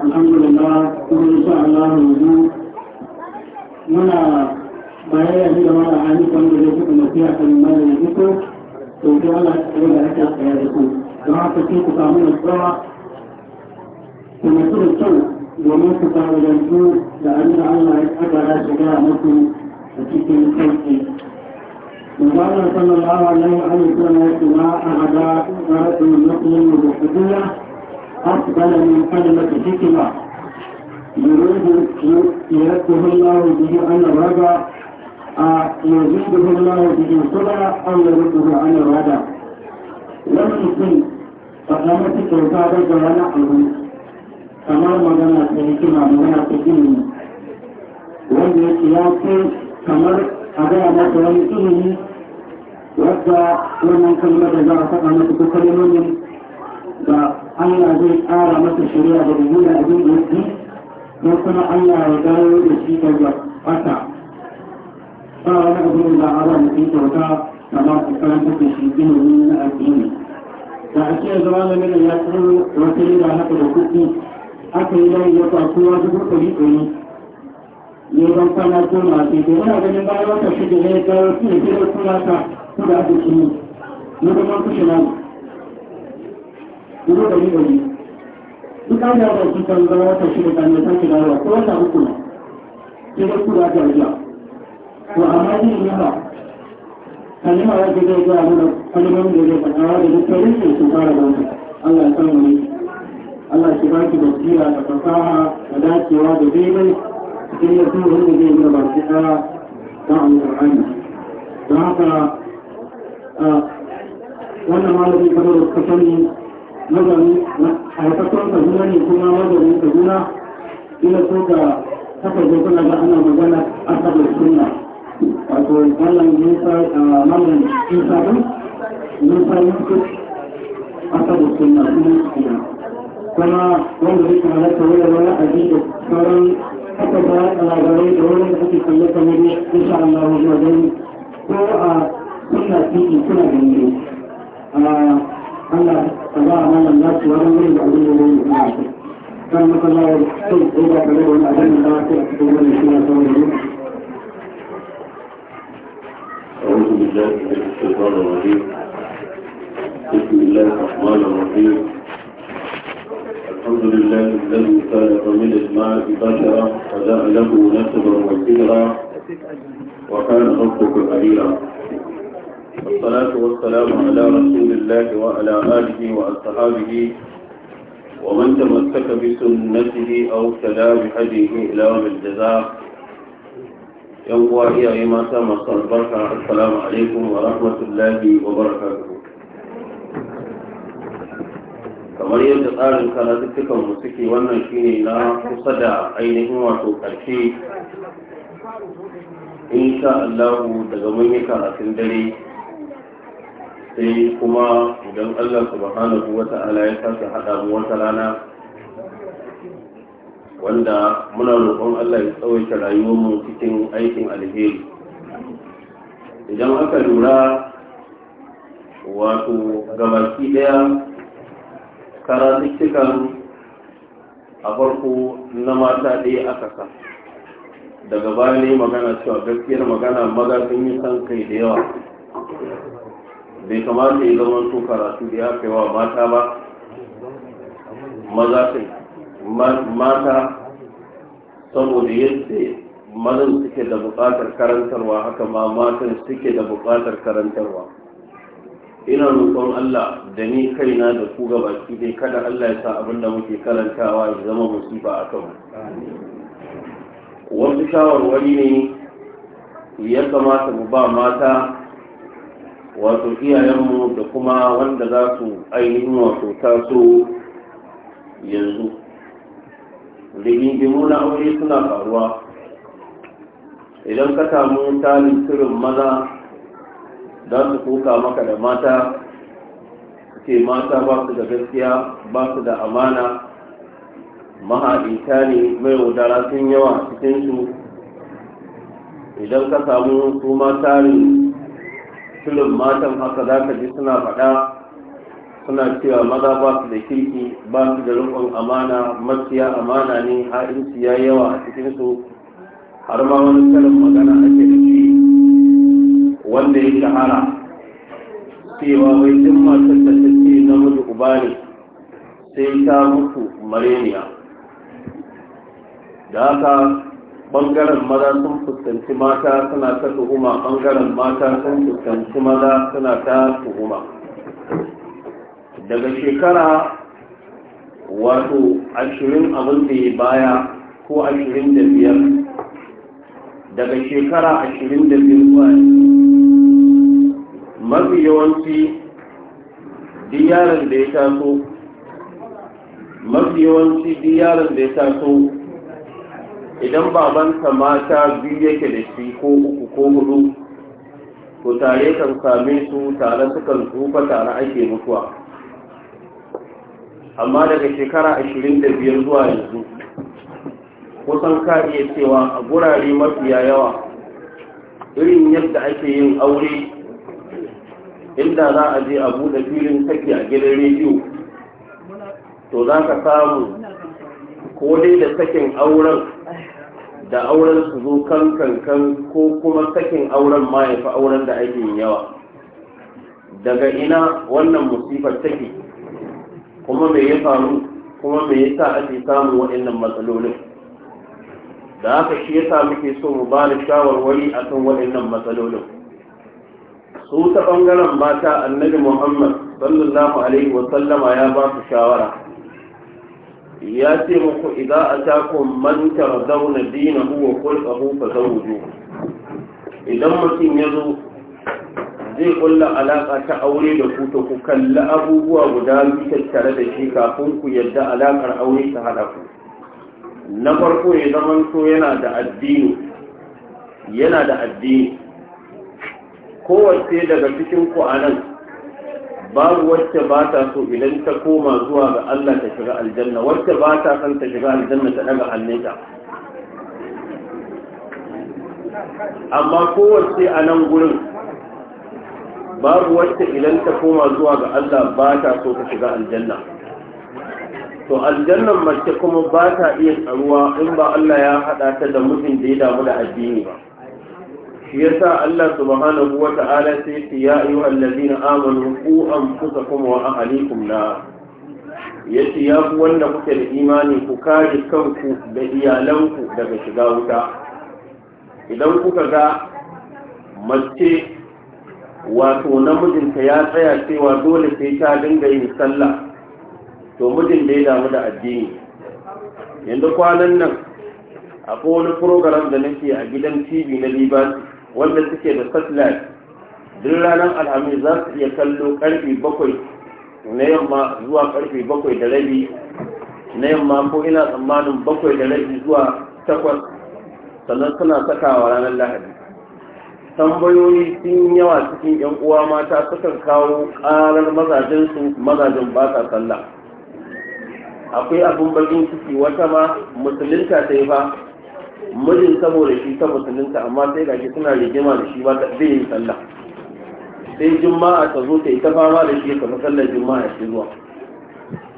alhamdulillah kuma insha Allah yanzu muna bayar da da mara hali wanda zai kuka mafiya kan mara yanzu ko, to sai Allah ta tsare da ake tsaya da ku don haka sai ku samu nutsuwa ku nutsu da kyau domin ku samu yanzu da an da Allah ya tsagara shi ga muku a cikin sauki Mubarak sallallahu alaihi wa sallam ya ce ma a hada ƙarfin musulmi da أقبل من كلمة حكمة يريد يرده الله به عن الرجع يزيده الله به صدع أو يرده عن الرجع لم يكن فقامت كوكابة جوانا حلوم kamar magana ta hikima magana ta ilimi wanda yake ya ce kamar a gaya masa wani ilimi wadda wannan kalmar da za a faɗa masa ko Allah zai ƙara masa shari'a da nuna a da don kuma Allah ya dawo da shi daga ƙasa ba wani abin da Allah ya kyauta da ba su karanta da shi ilimi na addini da a cikin zama da mini ya tsaro wata yi da haka da kuɗi aka yi layi ya kwasu wasu ɗari ɗari ne don kwana ko masu ke wani ganin bayan wata shi da ya ga su ne kira suna ta su da ake shi ne ne kuma kushe nan dubu ɗari ɗari in ka da ba ki kan zama wata shida kan da sake dawowa ko wata uku na sai dai ku za ta rija to amma ni ne ba kalma wanda zai ga mana kalmomin da zai faɗa da dukkanin ne su fara bauta Allah ya samu ne Allah shi baki basira da fasaha da dacewa da daidai cikin da su wanda zai yi ba shi ɗaya ta alƙur'ani don haka wannan malamin kamar da kuka sani mazaunin haifafon kaduna ne kuma mazaunin kaduna ina so ka kafa kuna ga ana magana a kabar suna wato wannan musa a ah, mamman isa ɗin musa yusuf a kabar suna kuma suna kuma wanda zai halatta wani wani aji da sauran haka da a labarai da wani da ake kalle kamar insha Allah zuwa gani ko a suna tiki suna gani ah, Allah فضاع مال الناس ولم يرد عليه من الآخر كان مثلا يحتج إذا بلغ الأذان الآخر في من فيها أعوذ بالله من الشيطان الرجيم بسم الله الرحمن الرحيم الحمد لله الذي خلق من الماء بشرا فجعله نسبا وسيرا وكان ربك قديرا والصلاة والسلام على رسول الله وعلى آله وأصحابه ومن تمسك بسنته أو سلام حديه إلى يوم الجزاء يوم واهي أيما سامة البركة السلام عليكم ورحمة الله وبركاته kamar yadda tsarin karatuttukan mu suke wannan shine na kusa da ainihin wato ƙarshe insha Allah daga mun yi karatun dare sai kuma idan Allah subhanahu wa ta'ala ya sasa haɗa mu wata rana wanda muna roƙon Allah ya rayuwar mu cikin aikin alheri idan aka lura wato gabaki ɗaya karatuttukan a farko na mata ɗaya aka sa daga baya ne magana cewa gaskiyar magana maza sun yi san kai da yawa bai kamata ya zama su karatu da ya kaiwa mata ba maza mata saboda yadda mazan suke da bukatar karantarwa haka ma matan suke da bukatar karantarwa ina roƙon Allah da ni kaina da ku gabaki dai kada Allah ya sa abin da muke karantawa ya zama musiba a kanmu wasu shawarwari ne ya kamata mu ba mata wato iyayenmu da kuma wanda za su ainihin wato taso yanzu rigingimu na aure suna faruwa idan ka samu tarin turin maza za su koka maka da mata ce mata ba su da gaskiya ba su da amana mahaɗinta ne mai wadara sun yawa cikinsu idan ka samu su tarin filin matan haka za ka ji suna faɗa suna cewa maza ba su da kirki ba su da rukun amana maciya amana ne ha'inci ya yawa a cikinsu har ma wani karin magana ake da shi wanda ya shahara cewa wai duk masu da na mutu uba ne sai ta mutu mareniya da haka bangaren maza sun fuskanci mata suna ta tuhuma bangaren mata sun fuskanci maza suna ta tuhuma daga shekara wato ashirin abin da ya baya ko ashirin da biyar daga shekara ashirin da biyar zuwa mafi yawanci diyarin da ya taso mafi yawanci diyarin da ya taso idan babansa mata biyu yake da shi ko uku ko hudu to tare kan same su tare sukan tsufa tare ake mutuwa amma daga shekara ashirin da biyar zuwa yanzu kusan ka iya cewa a gurare mafiya yawa irin yadda ake yin aure inda za a je a buɗe filin saki a gidan rediyo to za ka samu ko dai da sakin auren da auren su zo kan kankan ko kuma sakin auren ma ya fi auren da ake yin yawa daga ina wannan musifar take kuma me ya faru kuma me yasa ake samun waɗannan matsalolin da haka shi yasa muke so mu ba da shawarwari akan waɗannan matsalolin su ta ɓangaren mata annabi muhammad sallallahu alaihi wasallama ya ba su shawara ya ce muku idza atakum man tardawna dinahu wa khulquhu fazawju idan mutum ya zo zai kulla alaka ta aure da ku to ku kalli abubuwa guda biyu tare da shi kafin ku yadda alakar aure ta hada ku na farko ya zama to yana da addini yana da addini kowace daga cikin ku anan babu wacce ba ta so idan ta koma zuwa ga Allah ta shiga aljanna wacce ba ta son ta shiga aljanna ta daga hannunta amma kowace a nan gurin babu wacce idan ta koma zuwa ga Allah ba ta so ta shiga aljanna to aljannan mace kuma ba ta iya tsaruwa in ba Allah ya haɗa ta da mijin da ya damu da addini ba shi yasa Allah subhanahu wa ta'ala sai ce ya ayu allazina amanu ku anfusakum wa ahlikum na yace ya ku wanda kuke da imani ku kare kanku da iyalanku daga shiga wuta idan kuka ga mace wato namijinta ya tsaya cewa dole sai ta dinga yin sallah to mijin da ya damu da addini yanzu kwanan nan akwai wani program da nake a gidan tv na libasi wanda suke da satellite duk ranar alhamis za su iya kallo karfe bakwai na yamma zuwa karfe bakwai da rabi na yamma ko ina tsammanin bakwai da rabi zuwa takwas sannan suna sakawa ranar lahadi tambayoyi sun yawa cikin yan uwa mata sukan kawo karar mazajensu mazajen ba sa sallah akwai abin bakin ciki wata ma musulunta ta yi ba mijin saboda shi ta musulunta amma sai gashi suna rigima da shi ba ta zai yi sallah sai juma'a ta zo ta yi ta fama da shi kamar musallar juma'a shi zuwa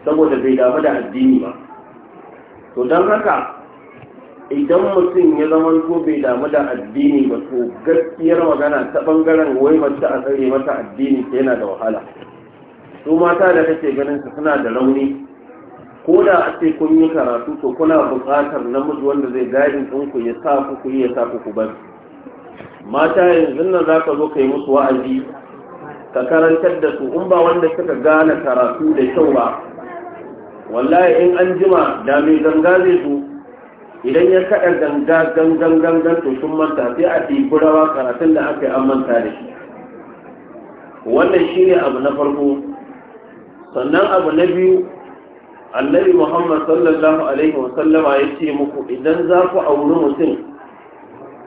saboda bai damu da addini ba to don haka idan mutum ya zama ko bai damu da addini ba to gaskiyar magana ta bangaren wai mace a tsare mata addini ta yana da wahala su mata da kake ganin su suna da rauni ko da ce kun yi karatu to kuna buƙatar namiji wanda zai gadin ku ya sa ku ku ya sa ku ku bari mata yanzu nan za ka zo ka yi musu wa'azi ka karantar da su in ba wanda suka gane karatu da kyau ba wallahi in an jima da mai ganga zai zo idan ya kaɗa ganga gangan gangan to sun manta sai a ɗibi rawa karatun da aka yi an manta da shi wannan shine abu na farko sannan abu na biyu annabi muhammad sallallahu alaihi wasallama ya ce muku idan za ku auri mutum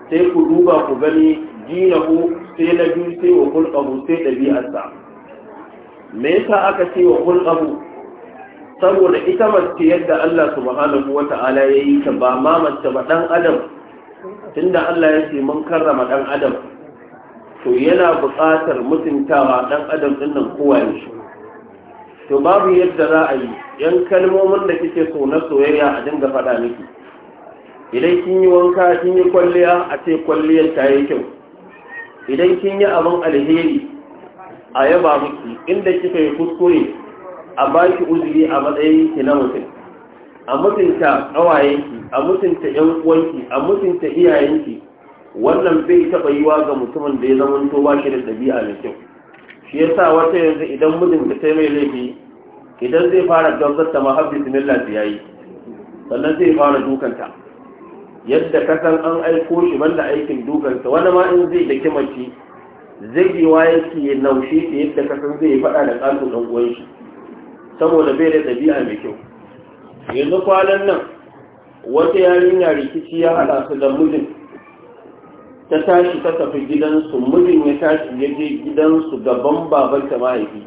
sai ku duba ku gani dinahu sai na biyu sai wa kulƙahu sai ɗabi'arsa me yasa aka ce wa kulƙahu saboda ita mace yadda allah subhanahu wa ta'ala ya yi ta ba ma mace ba ɗan adam tunda allah ya ce mun karrama ɗan adam to yana buƙatar mutuntawa ɗan adam ɗin nan kowa ne shi to babu yadda za a yi yan kalmomin da kike so na soyayya a dinga faɗa miki idan kin yi wanka kin yi kwalliya a ce kwalliyar ta yi kyau idan kin yi abin alheri a yaba miki inda kika yi kuskure a baki uzuri a matsayin ki na mutum a mutunta ƙawayenki a mutunta yan uwanki a mutunta iyayenki wannan bai taɓa yiwa ga mutumin da ya zamanto ba shi da ɗabi'a mai kyau shi yasa wata yanzu idan mijinta ta mai laifi idan zai fara gamsar ta mahabbi bismillah ya sannan zai fara dukanta yadda ka san an aiko shi banda aikin dukanta wani ma in zai da kimanci zai yi waye ki naushe shi yadda ka san zai faɗa da ƙato ɗan uwan shi saboda bai da ɗabi'a mai kyau yanzu kwanan nan wata yarinya rikici ya hada su da mijin ta tashi ta tafi gidansu mijin ya tashi ya je gidansu gaban babanta mahaifi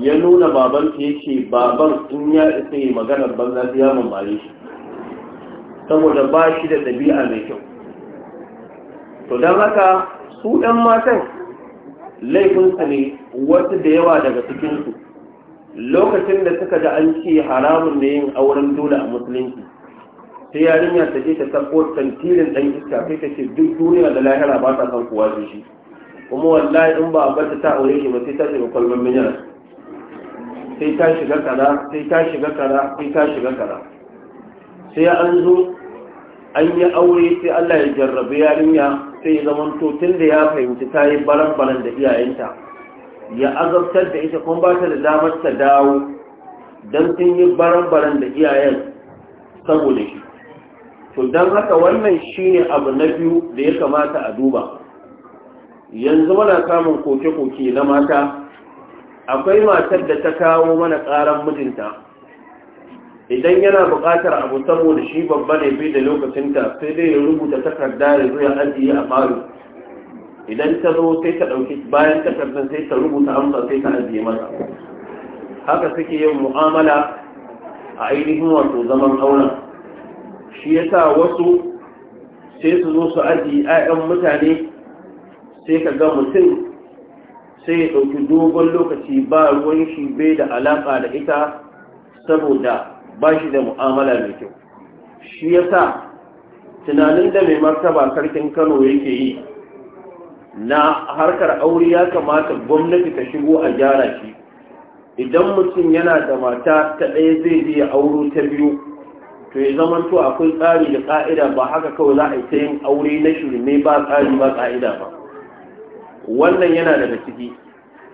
ya nuna babanta ya ce baban in ya isa yi maganar banza yamun mare shi saboda ba shi da ɗabi'a mai kyau to don haka su ɗan matan laifinsa ne wasu da yawa daga cikinsu lokacin da suka da an ce haramun da yin auren dole a musulunci sai yarinya ta je ta karɓo tantirin ɗan iska sai ta ce duk duniya da lahira ba ta san kuwa sai shi kuma wallahi in ba a barta ta aure shi ba sai ta shiga kwalban minyar sai ta shiga kaza sai ta shiga kaza sai ta shiga kaza sai an zo an yi aure sai Allah ya jarrabe yarinya sai ya zama tun da ya fahimci ta yi baran-baran da iyayenta ya azabtar da ita kuma ba ta da damar ta dawo don sun yi baran-baran da iyayen saboda shi to don haka wannan shine abu na biyu da ya kamata a duba yanzu muna samun koke-koke na mata akwai matar da ta kawo mana ƙaran mijinta idan yana buƙatar abu saboda shi babba ne bai da lokacinta sai dai ya rubuta takarda ya zo ya ajiye a faru idan ta zo sai ta ɗauki bayan takardar sai ta rubuta amsa sai ta ajiye masa haka suke yin mu'amala a ainihin wato zaman auren shi ya sa wasu sai su zo su aji 'ya'yan mutane sai ka ga mutum sai ya ɗauki dogon lokaci ba ruwan shi bai da alaƙa da ita saboda ba shi da mu'amala mai kyau shi ya sa tunanin da mai martaba sarkin kano yake yi na harkar aure ya kamata gwamnati ta shigo a gyara shi idan mutum yana da mata ta ɗaya zai je auro ta biyu to ya zama to akwai tsari da ƙa'ida ba haka kawai za a yi ta yin aure na shirme ba tsari ba ƙa'ida ba wannan yana daga ciki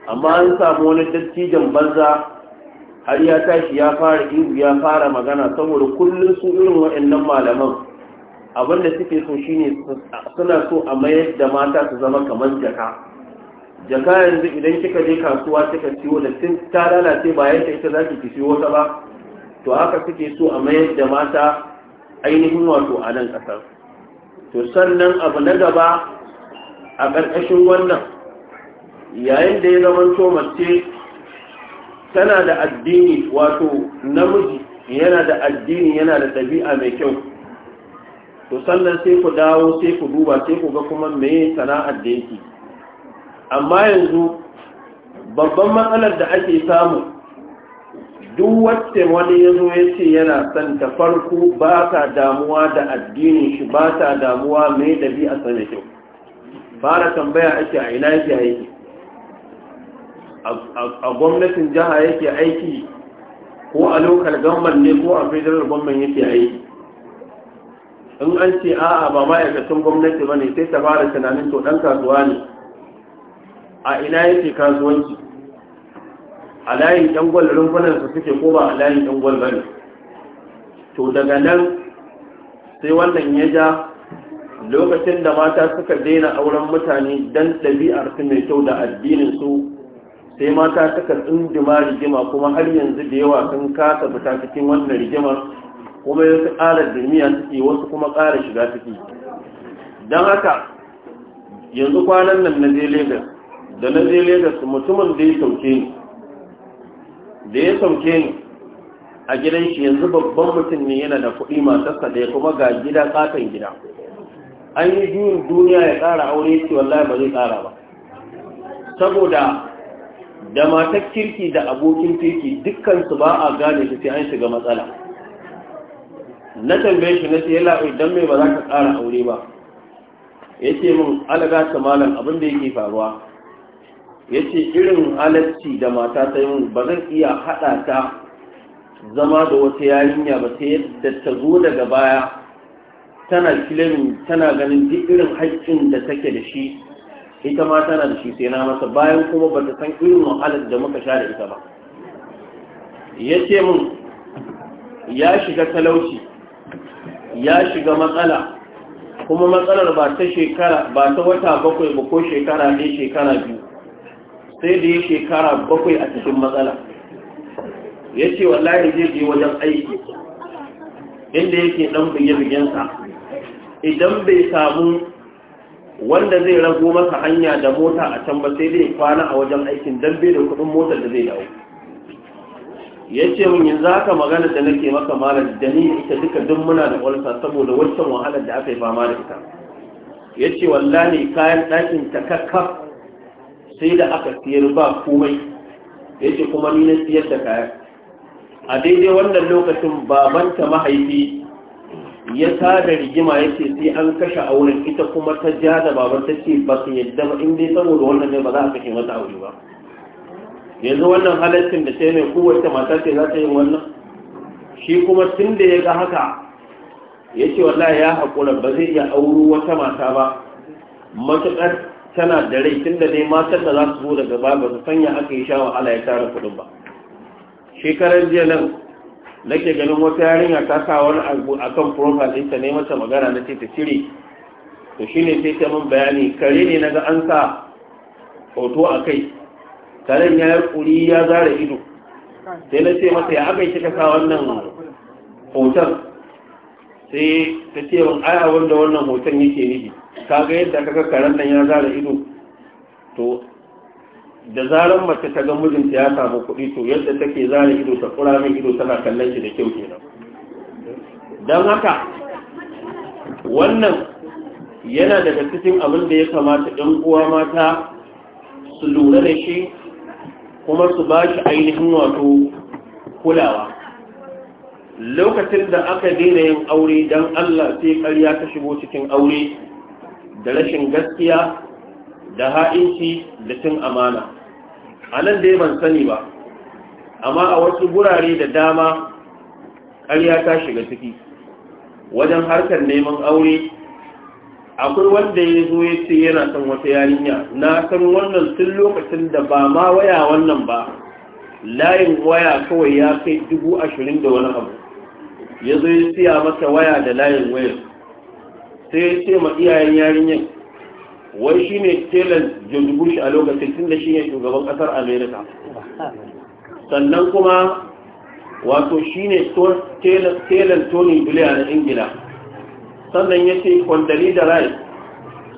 amma an samu wani dattijan banza har ya tashi ya fara ihu ya fara magana saboda kullum su irin waɗannan malaman abin da suke so shine suna so a mayar da mata su zama kamar jaka jaka yanzu idan kika je kasuwa kika siyo da tun ta lalace ba yadda ita za ki ciwo wata ba to haka suke so a mayar da mata ainihin wato a nan ƙasar to sannan abu na gaba a ƙarƙashin wannan yayin da ya zamanto mace tana da addini wato namiji yana da addini yana da ɗabi'a mai kyau to sannan sai ku dawo sai ku duba sai ku ga kuma mai sana'ar da yake amma yanzu babban matsalar da ake samu duk wacce wani ya zo ya ce yana son ta farko ba ta damuwa da addinin shi ba ta damuwa mai dabi a sanya kyau fara tambaya ake a ina yake aiki a gwamnatin jiha yake aiki ko a lokal gamman ne ko a federal gamman yake aiki in an ce a'a ba ma'aikacin gwamnati ba ne sai ta fara tunanin to ɗan kasuwa ne a ina yake kasuwanci a layin yan gwal rumfunan su suke ko ba a layin yan gwal bane to daga nan sai wannan ya ja lokacin da mata suka daina auren mutane dan ɗabi'ar su mai kyau da addinin su sai mata suka tsindima rigima kuma har yanzu da yawa sun kasa fita cikin wannan rigimar kuma yasu ƙara dirmiya suke wasu kuma ƙara shiga suke don haka yanzu kwanan nan na je legas da na je legas mutumin da ya sauke ni da ya sauke ni a gidan shi yanzu babban mutum ne yana da kuɗi matarsa da kuma ga gida tsakan gida an yi juyin duniya ya ƙara aure ce wallahi ba zai ƙara ba saboda da matar kirki da abokin kirki dukkansu ba a gane su sai an shiga matsala na tambaye shi na ce yalla idan mai ba za ka ƙara aure ba ya ce min alaga su malam abin da yake faruwa ya ce irin halarci da mata ta yi ba zan iya haɗa ta zama da wata yarinya ba ta yadda ta zo daga baya tana kilin tana ganin duk irin haƙƙin da take da shi ita ma tana da shi sai na masa bayan kuma ba ta san irin wahalar da muka sha da ita ba ya ce mun ya shiga talauci ya shiga matsala kuma matsalar ba ta shekara ba ta wata bakwai ba ko shekara ne shekara biyu sai da ya shekara bakwai a cikin matsala ya ce wallahi zai je wajen aiki inda yake dan bige-bigensa idan bai samu wanda zai rago masa hanya da mota a can ba sai dai kwana a wajen aikin dan bai da kudin motar da zai dawo ya ce min yanzu haka magana da nake maka malam da ni ita duka duk muna da ƙwalsa saboda wancan wahalar da aka yi fama da ita ya ce wallahi kayan ɗakin ta kakkaf sai da aka siyar ba komai ya ce kuma ni na siyar da kaya a daidai wannan lokacin babanta mahaifi ya tada rigima ya ce sai an kashe auren ita kuma ta ja da baban ta ce ba su yadda ba in dai saboda wannan ne ba za a kashe wata aure ba yanzu wannan halaccin da sai mai kowace mata ce za ta yi wannan shi kuma tun da ya ga haka ya ce wallahi ya haƙura ba zai iya auro wata mata ba matuƙar tana da rai tun da dai matan da za su zo daga ba ba su sanya aka yi sha wahala ya tara kuɗin ba shekarar jiya nan nake ganin wata yarinya ta sa wani abu a kan profile ɗinta ne mata magana na ce ta cire to shi ne sai ta min bayani kare ne na ga an sa hoto a kai karen ya yi ƙuri ya zara ido sai na ce mata ya aka yi kika sa wannan hoton sai ta ce min aya wanda wannan hoton yake nufi kaga yadda kaga karen nan ya zara ido to da zaran mace ta ga mijinta ya samu kuɗi to yadda take zara ido ta kura min ido tana kallon shi da kyau kenan don haka wannan yana daga cikin abin da ya kamata ɗan uwa mata su lura da shi kuma su ba shi ainihin wato kulawa lokacin da aka daina yin aure don Allah sai karya ta shigo cikin aure da rashin gaskiya da ha'inci da cin amana a nan dai ban sani ba amma a wasu gurare da dama ƙarya ta shiga ciki wajen harkar neman aure akwai wanda ya zo ya ce yana son wata yarinya na san wannan tun lokacin da ba ma waya wannan ba layin waya kawai ya kai dubu ashirin da wani abu ya zo ya siya masa waya da layin wayar sai ya ce ma iyayen yarinyar wai shi ne telan jirgin a lokacin tun da shi ne shugaban kasar Amerika, sannan kuma wato shi ne telan tony blair na ingila sannan ya ce kwandali da rai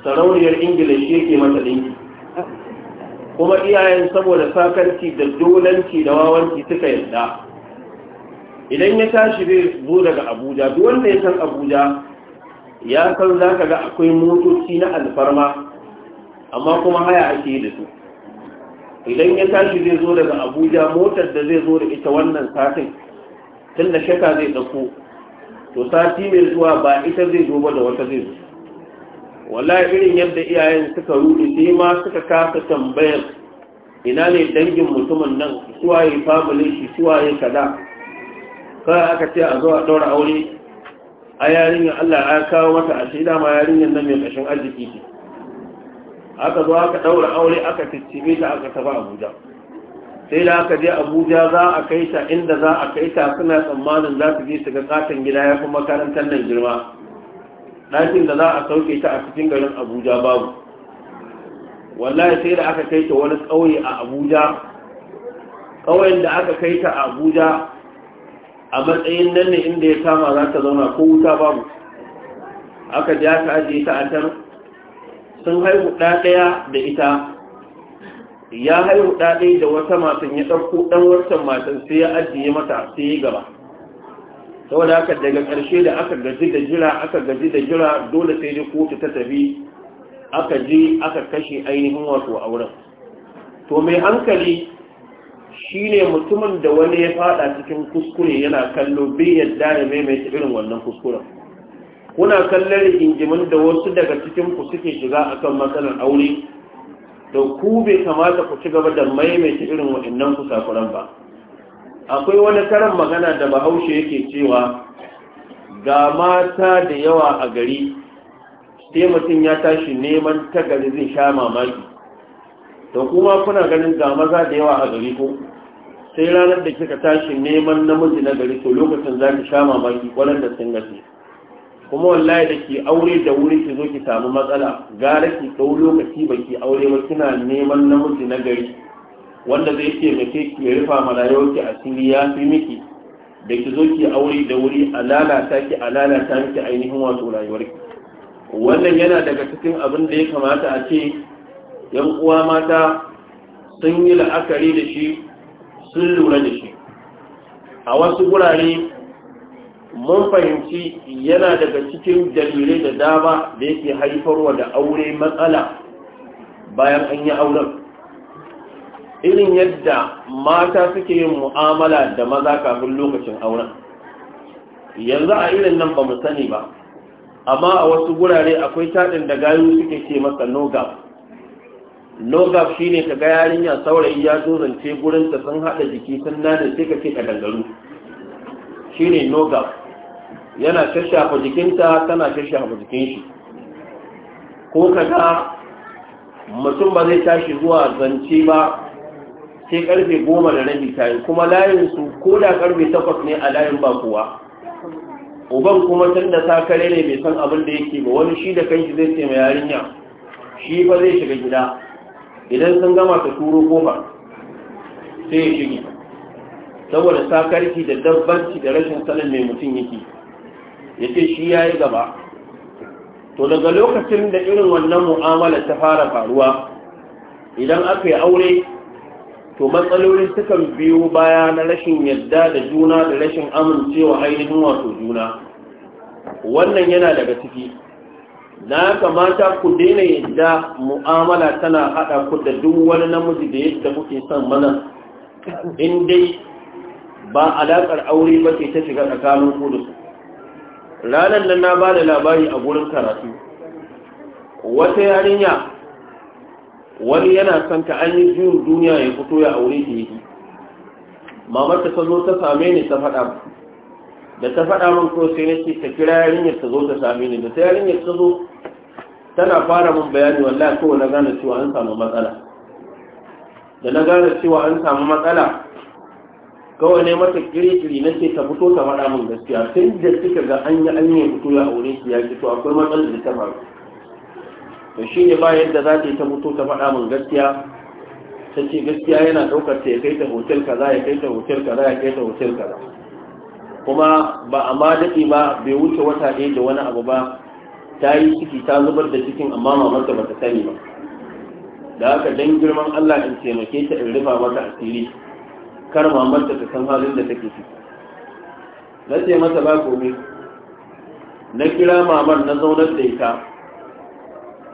sarauniyar ingila shi yake mata dinki, kuma iyayen saboda sakarci da dolanci da wawanci suka yadda, idan ya tashi zai zo daga abuja duk wanda ya san abuja ya san za ka ga akwai motoci na alfarma amma kuma haya ake da su idan ya tashi zai zo daga abuja motar da zai zo da ita wannan satin tun da shaka zai ɗauko to sati mai zuwa ba ita zai zo ba da wata zai zo wallahi irin yadda iyayen suka rudi sai ma suka kasa tambayar ina ne dangin mutumin nan suwaye famulin shi suwaye kada kawai aka ce a zo a daura aure a yarinyar Allah ya kawo mata a shaida ma yarinyar nan mai kashin arziki ce aka zo aka ɗaura aure aka ciccibe ta aka tafi Abuja sai da aka je Abuja za a kai ta inda za a kai ta suna tsammanin za su je su ga ƙaton gida ya fi makarantar nan girma ɗakin da za a sauke ta a cikin garin Abuja babu wallahi sai da aka kai ta wani ƙauye a Abuja ƙauyen da aka kai ta a Abuja a matsayin nan ne inda ya kama za ta zauna ko wuta babu aka ja aka ajiye ta a can sun haihu ɗaɗaya da ita ya haihu ɗaɗai da wata matan ya ɗauko ɗan wancan matan sai ya ajiye mata sai ya gaba saboda aka daga ƙarshe da aka gaji da jira aka gaji da jira dole sai dai kotu ta tafi aka je aka kashe ainihin wato a wurin to mai hankali Shi ne mutumin da wani ya fada cikin kuskure yana kallo bai yadda ya maimaita irin wannan kuskuren kuna kallon rigingimin da wasu daga cikin ku suke shiga akan matsalar aure da ku bai kamata ku ci gaba da maimaita irin waɗannan kusakuran ba akwai wani karan magana da bahaushe yake cewa ga mata da yawa a gari sai mutum ya tashi neman tagari zai sha mamaki to kuma kuna ganin ga maza da yawa a gari ko sai ranar da kika tashi neman namiji na gari to lokacin za ki sha mamaki kwanan da sun gaske kuma wallahi da ke aure da wuri ki zo ki samu matsala gara ki ɗau lokaci ba ki aure ba kina neman namiji na gari wanda zai taimake ki ya rufa rayuwarki asiri ya fi miki da ki zo ki aure da wuri a lalata ki a lalata miki ainihin wato rayuwarki wannan yana daga cikin abin da ya kamata a ce yan uwa mata sun yi la'akari da shi sun lura da shi a wasu gurare mun fahimci yana daga cikin dalilai da dama da yake haifarwa da aure matsala bayan an yi auren irin yadda mata suke yin mu'amala da maza kafin lokacin auren yanzu a irin nan ba mu sani ba amma a wasu gurare akwai taɗin da gayu suke ce masa noga logaf shine ka ga yarinya saurayi ya zo zance gurin ta sun haɗa jiki sun nane sai ka ce ka dangaru Shi ne logaf yana shashafa jikinta tana shashafa jikin shi ko ka ga mutum ba zai tashi zuwa zance ba sai karfe goma da rabi ta yi, kuma layin su ko da karfe takwas ne a layin ba kowa uban kuma tun da takare ne mai san abin da yake ba wani shi da kanshi zai ce mai yarinya shi fa zai shiga gida idan sun gama ta turo kofa sai ya shige saboda sakarki da dabbanci da rashin sanin mai mutum yake ya ce shi ya yi gaba to daga lokacin da irin wannan mu'amala ta fara faruwa idan aka yi aure to matsaloli sukan biyo baya na rashin yadda da juna da rashin amincewa ainihin wato juna wannan yana daga ciki na kamata ku daina yadda mu'amala tana haɗa ku da duk wani namiji da yadda muke son mana in dai ba alaƙar aure ba ke ta shiga tsakanin ku ranar nan na ba da labari a gurin karatu wata yarinya wani yana son ka an yi juyin duniya ya fito ya aure ta yi mamarta ta zo ta same ni ta faɗa da ta faɗa min ko sai nake ta kira yarinyar ta zo ta same ni da ta yarinyar ta zo tana fara min bayani wallahi ko na gane cewa an samu matsala da na gane cewa an samu matsala kawai ne mata kiri-kiri na ce ta fito ta faɗa min gaskiya sai da suka ga an yi an yi fito ya aure shi ya to akwai matsalar da ta faru to shi ne ba yadda za ta yi ta fito ta faɗa min gaskiya ta ce gaskiya yana ɗaukar ta ya kai ta hotel kaza ya kai ta hotel kaza ya kai ta hotel kaza kuma ba a ma daɗe ba bai wuce wata ɗaya da wani abu ba ta yi ciki ta zubar da cikin amma mamarta ba ta sani ba da haka dan girman allah in taimake ta in rufa mata asiri kar mamarta ta san halin da take ciki na ce mata ba komai na kira mamar na zaunar da ita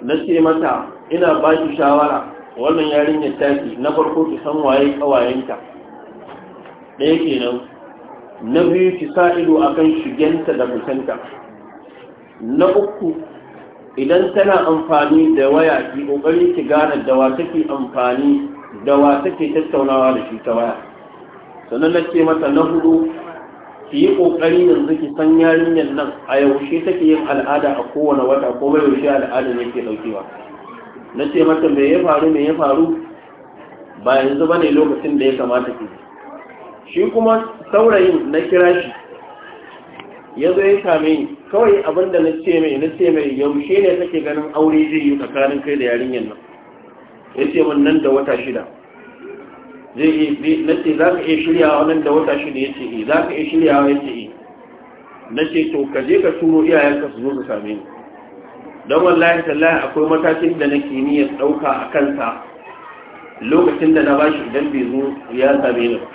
na ce mata ina ba ki shawara wannan yarinyar taki na farko ki san waye kawayenta ɗaya kenan na biyu ki sa ido kan shigenta da fitanta na uku idan tana amfani da waya ki kokari ki gane da wa take amfani da wa take tattaunawa da shi ta waya sannan na ce mata na hudu ki yi kokari yanzu ki san yarinyar nan a yaushe take yin al'ada a kowane wata ko mai yaushe al'ada ne ke daukewa na ce mata me ya faru me ya faru ba yanzu ba ne lokacin da ya kamata ki shi kuma saurayin na kira shi ya zo ya same ni kawai abinda na ce mai na ce mai yaushe ne take ganin aure zai yi tsakanin kai da yarinyar nan ya ce min nan da wata shida zai yi na ce za ka iya shiryawa nan da wata shida ya ce eh, za ka iya shiryawa ya ce eh. na ce to ka je ka turo iyayenka su zo su same ni don wallahi tallahi akwai matakin da na kimiyyar ɗauka a kansa lokacin da na bashi idan bai zo ya same ni ba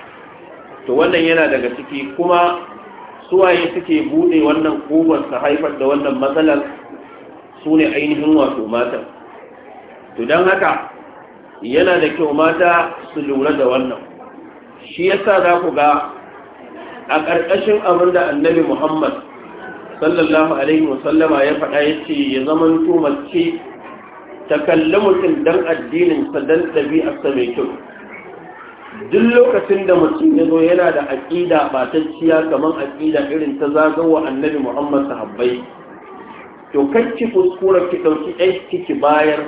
to wannan yana daga ciki kuma suwaye suke bude wannan kogon su haifar da wannan matsalar su ne ainihin wato mata? to don haka yana da kyau mata su lura da wannan shi yasa za ku ga a ƙarƙashin abin da annabi muhammad sallallahu alaihi wasallama ya faɗa ya ce ya zaman mace ta kalli mutum don addininsa don ɗabi'arsa mai kyau duk lokacin da mutum ya zo yana da aƙida batacciya kamar aƙida irin ta zagawa annabi muhammad sahabbai to ki kuskura ki ɗauki ɗanki ki bayar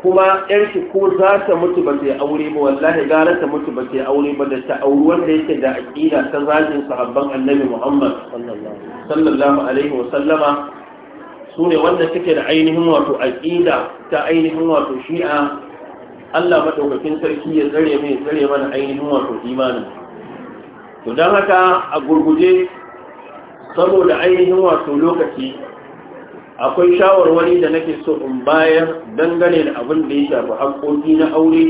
kuma ɗanki ko za ta mutu ba ta aure ba wallahi gara ta mutu ba ta aure ba da ta auri wanda yake da aƙida ta zagin sahabban annabi muhammad sallallahu alaihi wa sallama su ne wanda suke da ainihin wato aƙida ta ainihin wato shi'a Allah madaukakin sarki ya tsare mai tsare mana ainihin wato imanin to don haka a gurguje saboda ainihin wato lokaci akwai shawarwari da nake so in bayar dangane da abin da ya shafi haƙƙoƙi na aure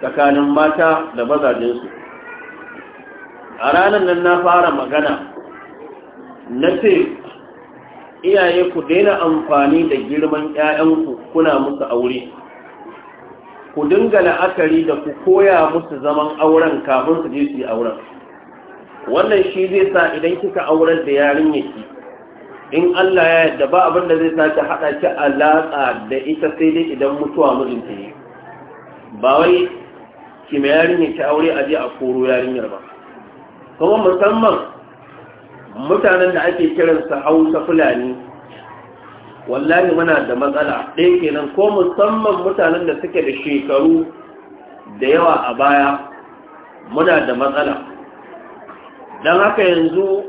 tsakanin mata da mazajensu a ranar nan na fara magana na ce iyaye ku daina amfani da girman 'ya'yanku kuna musu aure ku dinga la'akari da ku koya musu zaman auren kafin su je su yi auren wannan shi zai sa idan kika auren da yarin ki in Allah ya yarda ba abin da zai sake haɗa hada ki alaka da ita sai dai idan mutuwa mijinta ne ba wai ki mai yarin yake aure a je a koro yarinyar ba kuma musamman mutanen da ake kiransa Hausa Fulani wallahi muna da matsala ɗaya kenan ko musamman mutanen da suke da shekaru da yawa a baya muna da matsala don haka yanzu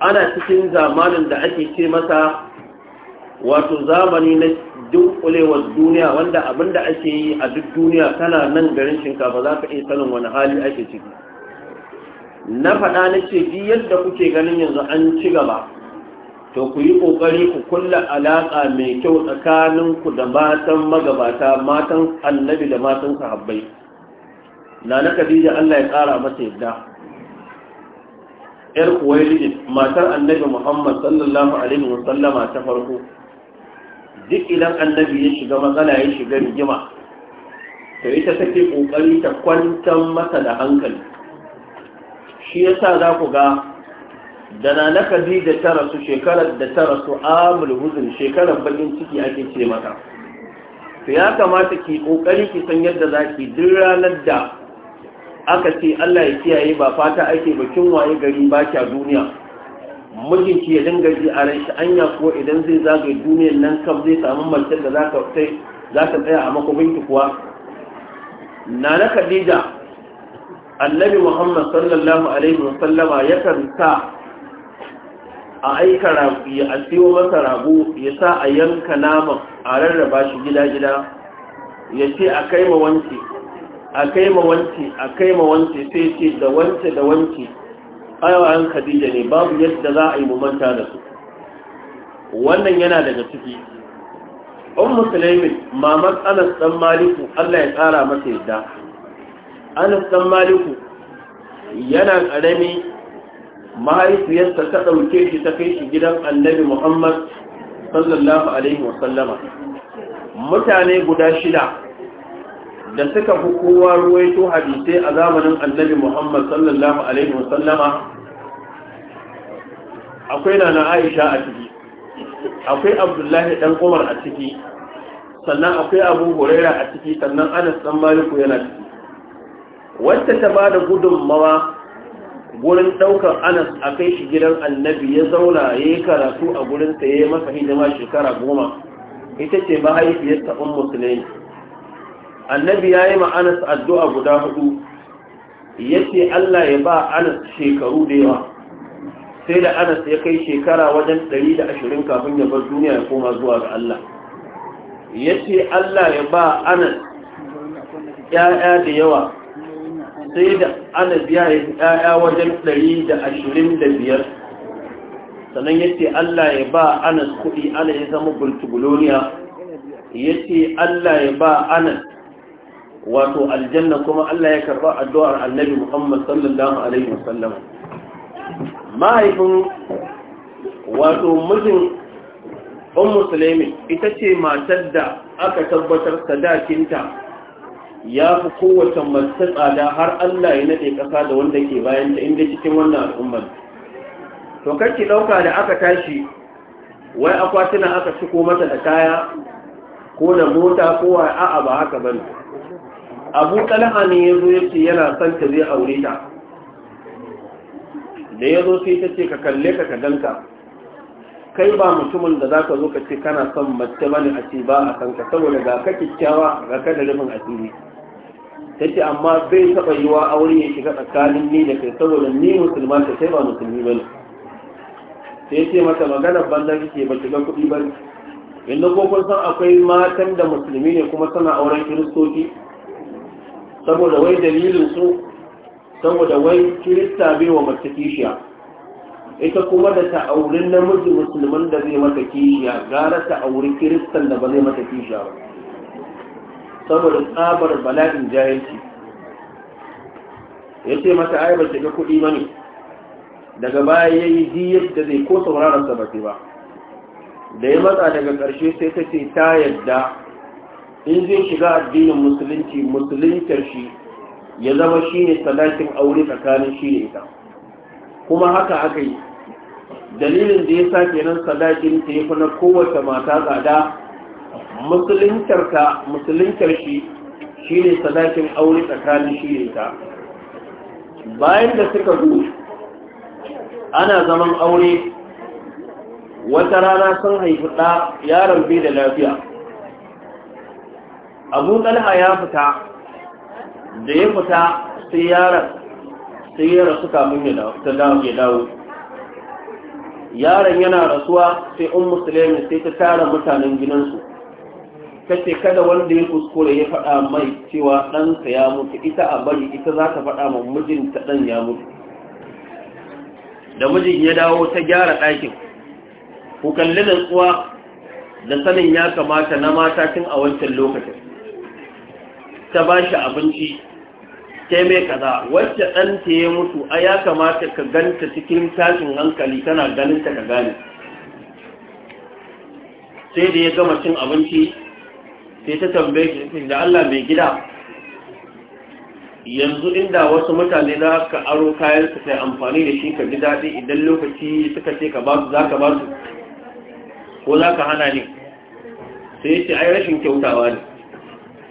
ana cikin zamanin da ake ce masa wato zamani na dunkulewar duniya wanda abin abinda ake yi a duk duniya tana nan garin shinkafa za ka iya sanin wani hali ake ciki na faɗa na ce biyar yadda kuke ganin yanzu an ci gaba to ku yi ƙoƙari ku kulla alaƙa mai kyau tsakaninku da matan magabata matan annabi da matan sahabbai na na kadija Allah ya ƙara mata yadda ‘yar kuwailidin matar annabi muhammad sallallahu alaihi wa sallama ta farko duk idan annabi ya shiga matsala ya shiga rigima to ita take ƙoƙari ta kwantar masa da hankali shi yasa za ku ga da na khadija ta rasu shekarar da ta rasu amul huzun shekarar bakin ciki ake ce mata to ya kamata ki kokari ki san yadda ki duk ranar da aka ce Allah ya kiyaye ba fata ake bakin waye gari ba a duniya mijinki ya dinga ji a ran shi anya ko idan zai zagaye duniyar nan kam zai samu mace da za ta tsaya a makobin ki kuwa nana khadija annabi muhammad sallallahu alaihi wasallama yakan sa a aika rabu ya asiyo masa rabu ya sa a yanka naman a rarraba shi gida-gida ya ce a kai ma wance a kai ma wance a kai ma wance sai ce da wance da wance ayawan khadija ne babu yadda za a yi mumanta da su wannan yana daga ciki un umm musulmin mamar anas dan maliku allah ya tsara masa yadda anas dan maliku yana ƙarami mahaifiyarsa ta ɗauke shi ta kai shi gidan annabi muhammad sallallahu alaihi wasallama mutane guda shida da suka fi kowa ruwaito hadisai a zamanin annabi muhammad sallallahu alaihi wasallama akwai nana aisha a ciki akwai abdullahi Ɗan umar a ciki sannan akwai abu huraira a ciki sannan anas dan maliku yana ciki wacce ta ba da gudunmawa gurin ɗaukar anas a kai shi gidan annabi ya zauna ya yi karatu a gurinsa ya yi masa hidima shekara goma ita ce mahaifiyarsa un musulmi annabi ya yi ma anas addu'a guda hudu ya ce allah ya ba anas shekaru da yawa sai da anas ya kai shekara wajen 120 kafin ya bar duniya ya koma zuwa ga allah ya ce allah ya ba anas ‘ya'ya da yawa sai da anas ya yi ɗaya wajen ɗari da ashirin da biyar sannan ya ce allah ya ba anas kuɗi anas ya zama bultuguloniya ya ce allah ya ba anas wato aljanna kuma allah ya karɓa addu'ar annabi muhammad sallallahu alaihi wasallam mahaifin wato mijin ɗan musulmi ita ce matar da aka tabbatar sadakinta ya fi kowace mace tsada har Allah ya nade ƙasa da wanda ke bayan ta inda cikin wannan al'ummar to kar ki ɗauka da aka tashi wai akwatuna aka ciko mata da kaya ko da mota ko wa a'a ba haka bane Abu Talha ne ya yazo yace yana son ta zai aure ta da ya zo sai ta ce ka kalle ka ka ganka kai ba mutumin da za ka zo ka ce kana son mace bane a ce ba a kanka saboda ga ka kyakkyawa ga ka da rufin asiri tace amma bai yi yiwa aure ya shiga tsakanin ni da kai saboda ni musulma ta sai ba musulmi bane sai ce mata magana banza kike ba shiga kuɗi ba inda ko kun san akwai matan da musulmi ne kuma suna auren kiristoci saboda wai dalilin su saboda wai kirista bai wa mace kishiya ita kuma da ta namiji musulman da zai mata kishiya gara ta kiristan da ba zai mata kishiya ba saboda tsabar bala'in jahilci ya ce mata ai bace ga kuɗi mani daga baya ya yi diyar da zai ko sauraron sa ba da ya matsa daga ƙarshe sai ta ce ta yadda in zai shiga addinin musulunci musuluntar shi ya zama shi ne sadakin aure tsakanin shi ne ita kuma haka aka yi dalilin da ya sa kenan sadakin ta yi na kowace mata tsada musuluntar ka musuluntar shi shine sadakin aure tsakanin shi ne ta bayan da suka zo ana zaman aure wata rana sun haifi ɗa yaron bai da lafiya abu ɗalha ya fita da ya fita sai yaron sai ya rasu kamun ya dawo yaron yana rasuwa sai un musulmi sai ta tara mutanen gidansu ta ce kada wanda ya kuskure ya faɗa mai cewa ɗansa ya mutu ita a bari ita za ta faɗa ma mijinta ɗan ya mutu da mijin ya dawo ta gyara ɗakin ku kalli nutsuwa da sanin ya kamata na mata tun a wancan lokacin ta ba shi abinci ta mai kaza wacce ɗanta ya mutu a ya kamata ka ganta cikin tashin hankali tana ganin ta ka gane sai da ya gama cin abinci sai ta tambaye shi da Allah mai gida yanzu inda wasu mutane za ka aro kayan su sai amfani da shi ka ji daɗi idan lokaci suka ce ka basu za ka basu ko za ka hana ne sai ce ai rashin kyautawa ne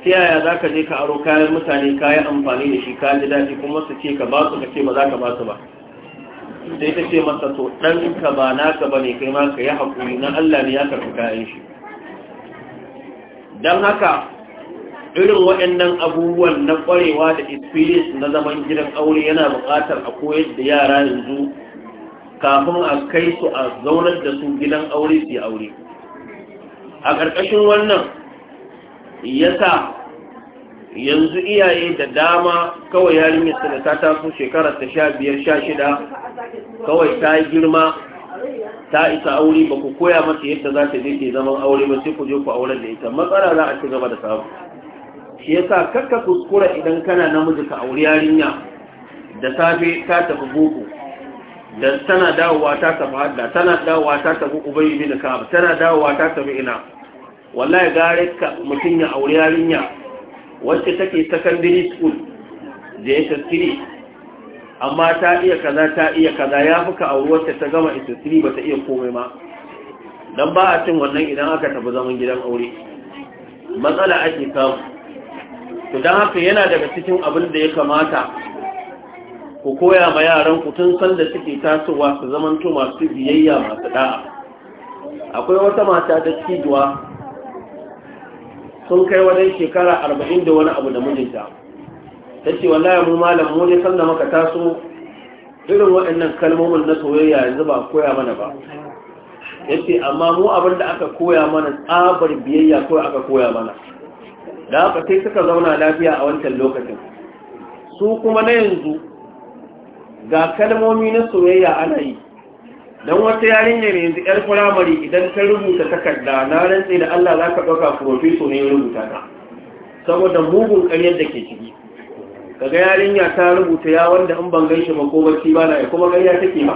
ta yaya za ka je ka aro kayan mutane ka yi amfani da shi ka ji daɗi kuma su ce ka basu ka ce ba za ka basu ba sai ta ce masa to ɗan ka ba naka ba ne kai ma ka yi haƙuri na Allah ne ya karɓi kayan shi don haka irin waɗannan abubuwan na ƙwarewa da experience na zaman gidan aure yana buƙatar a koyar da yara yanzu kafin a kai su a zaunar da su gidan aure su aure a ƙarƙashin wannan yasa yanzu iyaye da dama kawai yarinyar da ta taso shekarar ta sha biyar sha shida kawai ta girma ta isa aure ba ku koya mata yadda za ta je ke zaman aure ba sai ku je ku auren da ita matsala za a ci gaba da samu shi yasa kakka kuskura idan kana namiji ka aure yarinya da safe ta tafi boko da tana dawowa ta tafi hadda tana dawowa ta tafi ubayi bin ka'ab tana dawowa ta tafi ina wallahi gare ka mutun ya aure yarinya wacce take secondary school da ya amma ta iya kaza ta iya kaza ya fuka ka auruwarta ta gama istisiri ba ta iya komai ma don ba a cin wannan idan aka tafi zaman gidan aure matsala ake samu to don haka yana daga cikin abin da ya kamata ku koya ma yaran ku tun san da suke tasowa su zamanto masu biyayya masu da'a akwai wata mata da cijuwa sun kai wajen shekara arba'in da wani abu da mijinta ta ce wallahi mu malam mu ne sanda maka taso irin waɗannan kalmomin na soyayya yanzu ba koya mana ba ya ce amma mu abin da aka koya mana tsabar biyayya ko aka koya mana da aka sai suka zauna lafiya a wancan lokacin su kuma na yanzu ga kalmomi na soyayya ana yi don wata yarinyar yanzu yar firamare idan ta rubuta takarda na rantse da Allah za ka ɗauka profeso ne ya rubuta ta saboda mugun ƙaryar da ke ciki kaga yarinya ta rubuta ya wanda in ban gaishe ba ko barci ba na ya kuma gaiya take ba.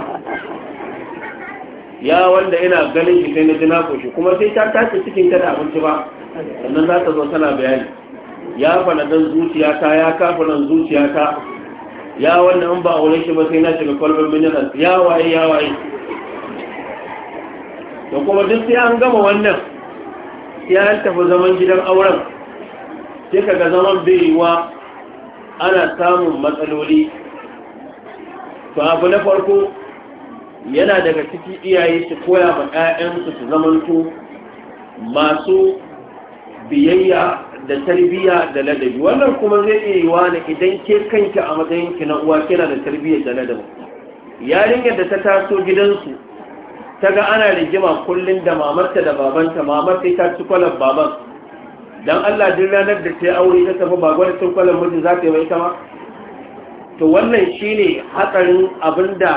ya wanda ina ganin shi sai na ji na koshi kuma sai ta tashi cikin ta da abinci ba sannan za ta zo tana bayani ya fana dan ta, ya kafa nan ta. ya wanda in ba aure shi ba sai na shiga kwalbar minerals ya waye ya waye da kuma duk sai an gama wannan ya an tafi zaman gidan auren sai kaga zaman bai yi wa ana samun matsaloli to abu na farko yana daga ciki iyaye su koya ma 'ya'yansu su zamanto masu biyayya da tarbiyya da ladabi wannan kuma zai iya yiwa ne idan ke kanki a matsayinki na uwa kina da tarbiyya da ladabi yarinyar da ta taso gidansu ta ga ana rigima kullum da mamarta da babanta mamar sai ta ci kwalar dan Allah din ranar da ta aure ta tafi ba gwada tukwalan miji za ta yi mai kama to wannan shine hatsarin abinda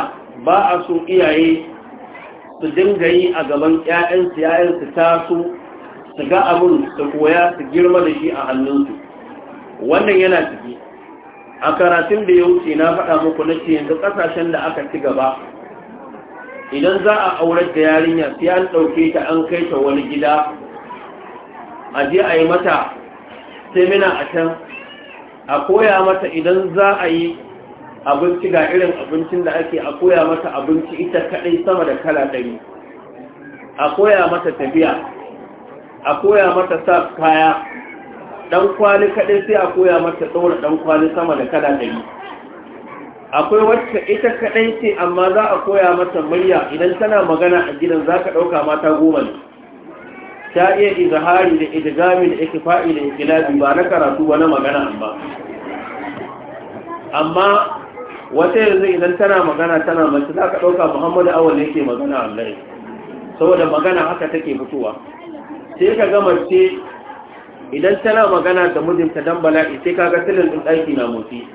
ba a so iyaye su dinga yi a gaban 'ya'yansu 'ya'yansu ta su su ga abin su koya su girma da shi a hannunsu wannan yana ciki a karatun da ya wuce na faɗa muku na ce yanzu ƙasashen da aka ci gaba idan za a aurar da yarinya sai an ɗauke ta an kai ta wani gida a je a yi mata semina a can a koya mata idan za a yi abinci ga irin abincin da ake a koya mata abinci ita kaɗai sama da kala ɗari a koya mata tafiya a koya mata sa kaya ɗan kwali kaɗai sai a koya mata ɗora ɗan kwali sama da kala ɗari akwai wacce ita kaɗai ce amma za a koya mata murya idan tana magana a gidan za ka ɗauka mata goma ne ta iya izahari da idgami da ikfa'i da ikilabi ba na karatu ba na magana ba amma wata yanzu idan tana magana tana mace za ka ɗauka muhammadu awal yake magana allai saboda magana haka take fitowa sai ka ga mace idan tana magana da mijinta dan bala'i sai ka ga tilin ɗin ɗaki na motsi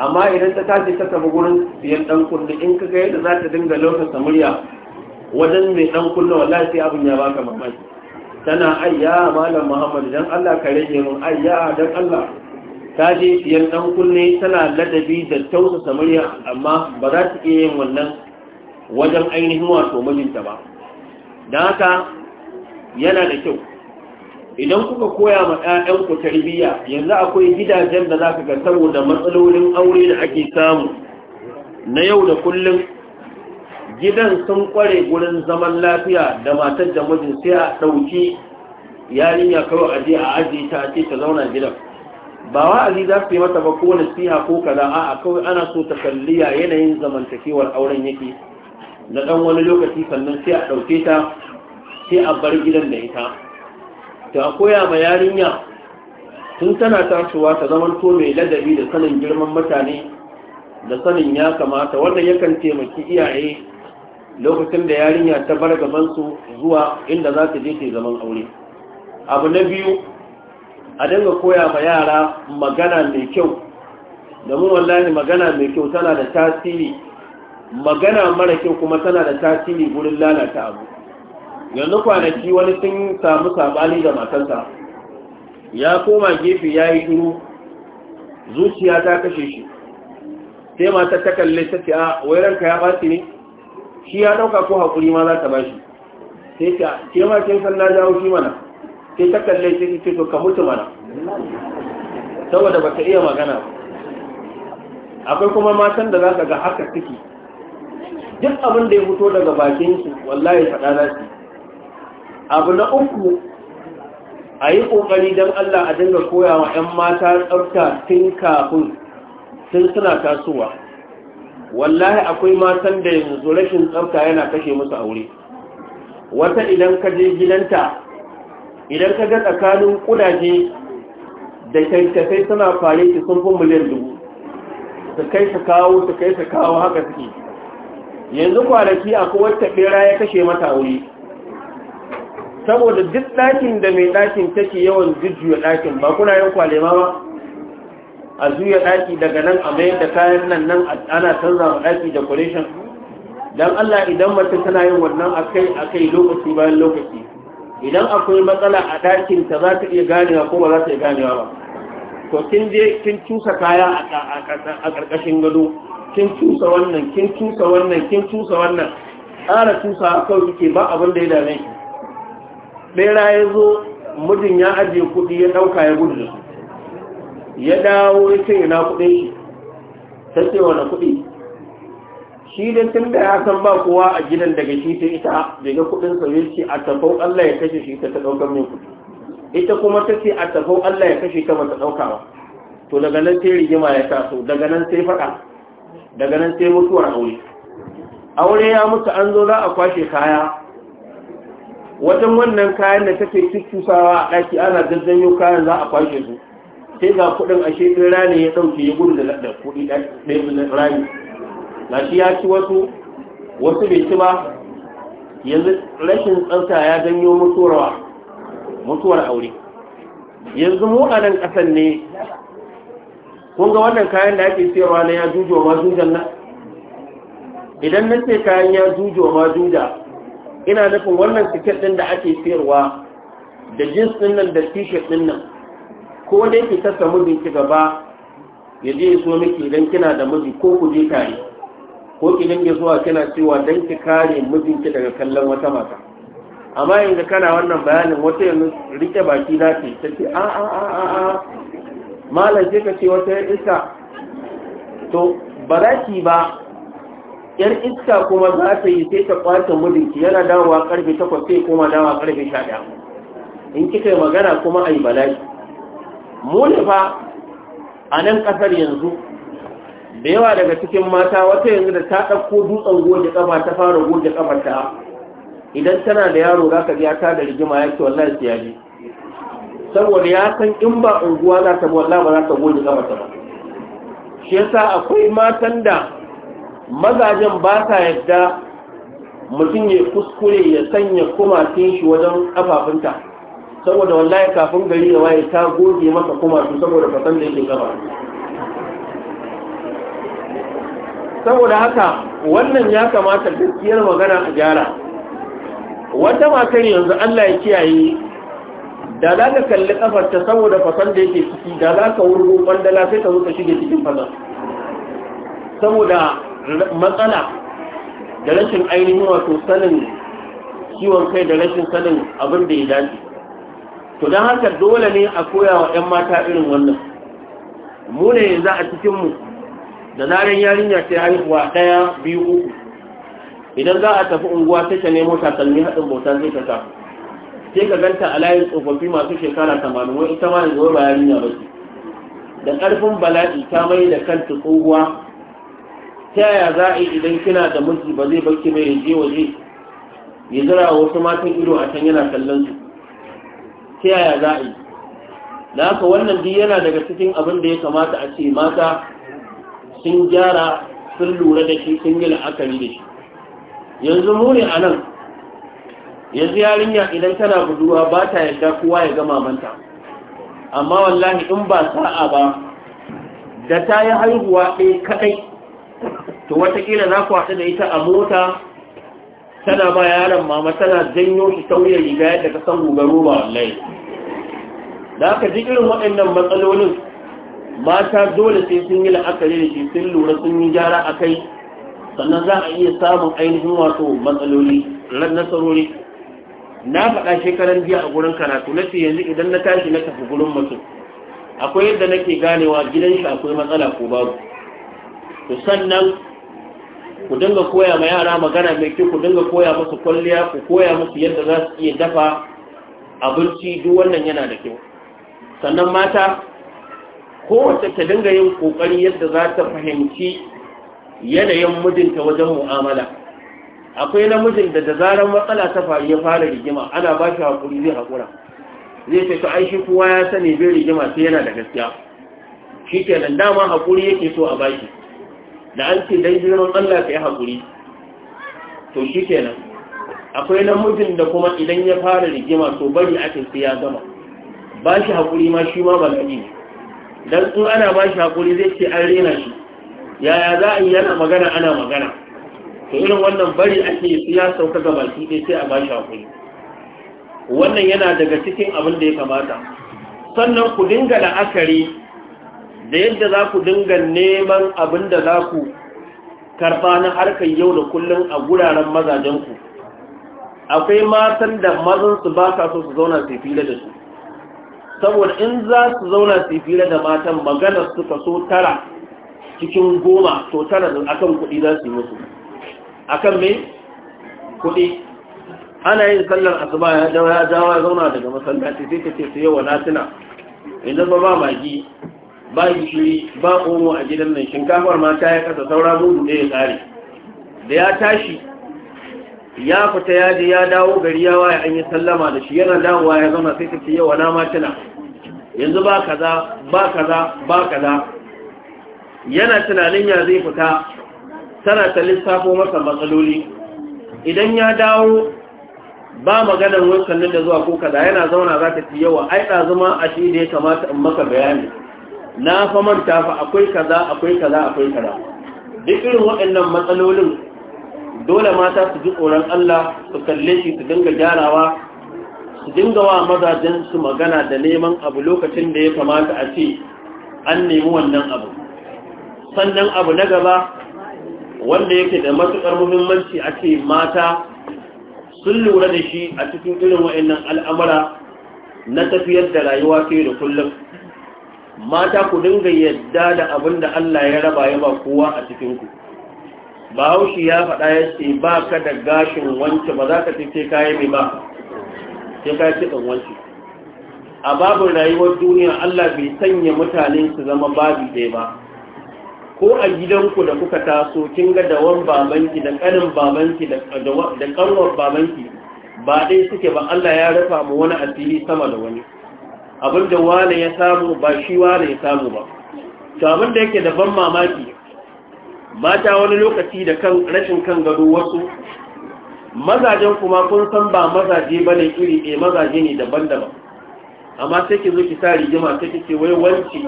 amma idan ta tashi ta tafi gurin siyan ɗan kundi in ka ga yadda za ta dinga lokacin murya wajen mai ɗan kullum wallahi sai abin ya baka mamaki tana ayya malam muhammad dan Allah ka rage mun ayya dan Allah ta je siyan ɗan kunne tana ladabi da tausa samariya amma ba za ta iya yin wannan wajen ainihin wato mijinta ba dan haka yana da kyau idan kuka koya ma 'ya'yanku tarbiyya yanzu akwai gidajen da za ka ga saboda matsalolin aure da ake samu na yau da kullum gidan sun kware gurin zaman lafiya da matar da mijin sai a ɗauki yarinya kawai a je a ajiye ta ce ta zauna gidan ba wa'azi za su yi mata ba ko siha ko kaza a kawai ana so ta kalli a yanayin zamantakewar auren yake na ɗan wani lokaci sannan sai a ɗauke ta sai a bar gidan da ita ta koya ma yarinya tun tana tasowa ta zamanto mai ladabi da sanin girman mutane da sanin ya kamata wanda yakan taimaki iyaye lokacin da yarinya ta bar gabansu zuwa inda za ta je ta zaman aure abu na biyu a dinga koya ma yara magana mai kyau domin wallahi magana mai kyau tana da tasiri magana mara kyau kuma tana da tasiri gurin lalata abu yanzu kwanaki wani sun samu sabani da matarsa ya koma gefe ya yi shiru zuciya ta kashe shi sai mata ta kalle ta ce a ya ba ne shi ya ɗauka ko hakuri ma za ta ba sai ta ke ma kin san na jawo shi mana sai ta kalle sai ce to ka mutu mana saboda ba ta iya magana akwai kuma matan da za ka ga haka kike duk abin da ya fito daga bakin su wallahi faɗa na shi abu na uku a yi ƙoƙari don Allah a dinga koya wa 'yan mata tsafta tun kafin sun suna tasowa wallahi akwai matan da yanzu rashin tsafta yana kashe musu aure wata idan ka je gidanta idan ka ga tsakanin kudaje da kyakkyafai suna fare ki sun fi miliyan dubu su kai su kawo su kai su kawo haka suke yanzu kwanaki akwai wata bera ya kashe mata aure saboda duk ɗakin da mai ɗakin take yawan jujjuya ɗakin ba kuna yin kwalema ba a juya ɗaki daga nan a mayar da kayan nan nan ana canza wa ɗaki decoration dan Allah idan mace tana yin wannan akai akai lokaci bayan lokaci idan akwai matsala a dakin ta za ta iya ganewa ko ba za ta iya ganewa ba to kin je kin cusa kaya a ƙarƙashin gado kin cusa wannan kin cusa wannan kin cusa wannan ƙara cusa kawai kike ba abin da ya dame ki ɗaya ya zo mijin ya ajiye kuɗi ya ɗauka ya gudu da ya dawo ya ce ina kuɗin shi ta ce wani kuɗi shi da tun da ya san ba kowa a gidan daga shi ta ita daga kuɗin sa ce a tafau Allah ya kashe shi ta ta ɗaukar min kuɗi ita kuma ta ce a tafau Allah ya kashe ta mata daukawa to daga nan sai rigima ya taso daga nan sai faɗa daga nan sai mutuwar aure aure ya mutu an zo za a kwashe kaya wajen wannan kayan da take cuccusawa a ɗaki ana jajjanyo kayan za a kwashe su sai ga kuɗin ashe ɗin rani ya ɗauke ya gudu da kuɗi ɗaya rani na shi ya ci wasu wasu bai ci ba yanzu rashin tsafta ya janyo mutuwar mutuwar aure yanzu mu a nan ne kun ga wannan kayan da ake siyarwa na ya jujo ma jujan nan idan na ce kayan ya jujo ma juja ina nufin wannan tiket ɗin da ake siyarwa, da jins ɗin nan da tiket ɗin nan ko dai ki tasa mijin ki gaba ya je so miki idan kina da miji ko ku je tare ko ki dinga zuwa kina cewa dan ki kare ki daga kallon wata mata amma yanzu kana wannan bayanin wata yanzu rike baki na ce ta ce a a a a a malam sai ka ce wata iska to ba za ki ba yar iska kuma za ta yi sai ta kwace ki yana dawowa karfe takwas sai koma dawowa karfe sha in kika yi magana kuma a yi bala'i mu fa a nan ƙasar yanzu da yawa daga cikin mata wata yanzu da ta ɗauko dutsen goge ƙafa ta fara goge ƙafa ta idan tana da yaro za ka biya ta da rigima ya ce wallahi su saboda ya san in ba unguwa za ta wallahi ba za ta goge ƙafa ta ba shi yasa akwai matan da mazajen ba sa yadda mutum ya kuskure ya sanya kumatin shi wajen ƙafafunta saboda wallahi kafin gari ya waye ta goge masa kuma su saboda fasan da yake gaba saboda haka wannan ya kamata gaskiyar magana a gyara wata matar yanzu Allah ya kiyaye da za ka kalli ta saboda fasan da yake ciki da za ka wurgo bandala sai ka zo ka shige cikin fasan saboda matsala da rashin ainihin wato sanin ciwon kai da rashin sanin abin da ya dace to don haka dole ne a koya wa 'yan mata irin wannan mu ne yanzu a cikinmu da zaren yarinya ta haihuwa ɗaya biyu uku idan za a tafi unguwa sai ta nemo takalmi haɗin bauta zai ta sa sai ka ganta a layin tsofaffi masu shekara tamanin wai ita ma yanzu ba yarinya ba ce da ƙarfin bala'i ta mai da kanta tsohuwa ta yaya za a yi idan kina da miji ba zai baki mai yaje waje ya zira wasu matan ido a can yana kallon su ta yaya za a yi da haka wannan biyu yana daga cikin abin da ya kamata a ce mata sun gyara sun lura da shi sun yi la'akari da shi yanzu mu a nan yanzu yarinya idan tana buduwa ba ta yarda kowa ya gama manta amma wallahi in ba sa'a ba da ta yi haihuwa ɗaya kaɗai to watakila za ku haɗu da ita a mota tana ba yaron mama tana janyo shi ta riga yadda ka san roba wallahi da aka ji irin waɗannan matsalolin mata dole sai sun yi la'akari da shi sun lura sun yi gyara a kai sannan za a iya samun ainihin wato matsaloli ran nasarori na faɗa shekaran jiya a gurin karatu na yanzu idan na tashi na tafi gurin mutum akwai yadda nake ganewa gidan shi akwai matsala ko babu to sannan ku dinga koya ma yara magana mai kyau ku dinga koya musu kwalliya ku koya musu yadda za su iya dafa abinci duk wannan yana da kyau sannan mata kowace ta dinga yin kokari yadda za ta fahimci yanayin mijinta wajen mu'amala akwai namijin da da zarar matsala ta faru ya fara rigima ana ba shi hakuri zai hakura. zai ce to ai shi kowa ya sani bai rigima sai yana da gaskiya shi nan dama hakuri yake so a bashi da an ce dai girman Allah ka yi haƙuri to shi kenan akwai namujin da kuma idan ya fara rigima to bari ake sai ya gama ba shi haƙuri ma shi ma bala'i ne dan in ana ba shi haƙuri zai ce an rena shi yaya za a yi yana magana ana magana to irin wannan bari ake sai ya sauka ga baki ɗaya sai a ba shi haƙuri wannan yana daga cikin abin da ya kamata sannan ku dinga la'akari da yadda za ku dinga neman abin da za ku karɓa na harkar yau da kullum a guraren mazajenku akwai matan da mazan su ba sa so su zauna su fila da su saboda in za su zauna su fila da matan maganar su kaso tara cikin goma to tara da akan kuɗi za su yi musu akan mai kuɗi ana yin sallar asuba ya jawa ya zauna daga masallaci sai ka ce su yawa na suna idan ba ba magi ba shiri ba omo a gidan nan shinkafar ma ta ya kasa saura mudu da ya tsare da ya tashi ya fita ya je ya dawo gari ya waye an yi sallama da shi yana dawowa ya zama sai kace yau na ma tuna yanzu ba kaza ba kaza ba kaza yana tunanin ya zai fita tana ta lissafo masa matsaloli idan ya dawo ba maganar wancan da zuwa ko kaza yana zauna za ta ci yawa ai zama a shi da ya kamata in maka bayani na fa manta fa akwai kaza akwai kaza akwai kaza duk irin waɗannan matsalolin dole mata su ji tsoron Allah su kalle shi su dinga gyarawa su dinga wa mazajen su magana da neman abu lokacin da ya kamata a ce an nemi wannan abu sannan abu na gaba wanda yake da matukar muhimmanci a ce mata sun lura da shi a cikin irin wa'annan al'amura na tafiyar da rayuwa ke da kullum mata ku dinga yadda da abin da Allah ya raba ya ba kowa a cikinku bahaushe ya faɗa ya ce ba ka da gashin wance ba za ka ce kayan mai ba ce kayan cikin wance a babin rayuwar duniya Allah bai sanya mutane su zama babi ɗaya ba ko a gidanku da kuka taso kin ga dawan babanki da ƙanin babanki da ƙanwar babanki ba ɗaya suke ba Allah ya rufa mu wani asiri sama da wani abin da wane ya samu ba shi wane ya samu ba to abinda yake da ban mamaki mata wani lokaci da kan rashin kan gado wasu mazajen kuma kun san ba mazaje ba ne iri ɗaya mazaje ne daban-daban amma sai ki zo ki sa rigima sai ki ce wai wance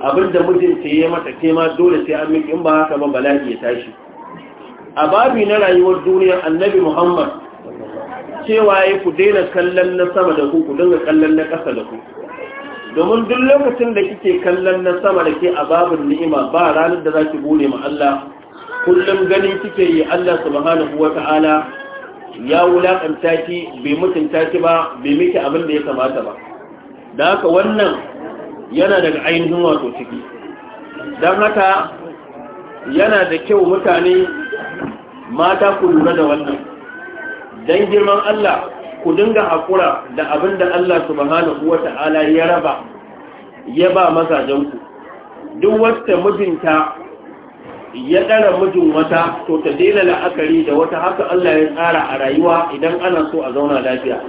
abin da mijinta ya mata ke ma dole sai an miki in ba haka ba bala'i ya tashi a babi na rayuwar duniya annabi muhammad cewa ya ku daina kallon na sama da ku ku dinga kallon na ƙasa da ku domin duk lokacin da kike kallon na sama da ke a babin ni'ima ba ranar da za ki gode ma Allah kullum ganin kike yi Allah subhanahu wa ta'ala ya wulakanta ki bai mutunta ki ba bai miki abin da ya kamata ba da haka wannan yana daga ainihin wato ciki don haka yana da kyau mutane mata ku lura da wannan dan girman Allah ku dinga haƙura da abin da Allah subhanahu wata'ala ya raba ya ba mazajenku duk wata mijinta ya ɗara mijin wata to ta daina la'akari da wata haka Allah ya tsara a rayuwa idan ana so a zauna lafiya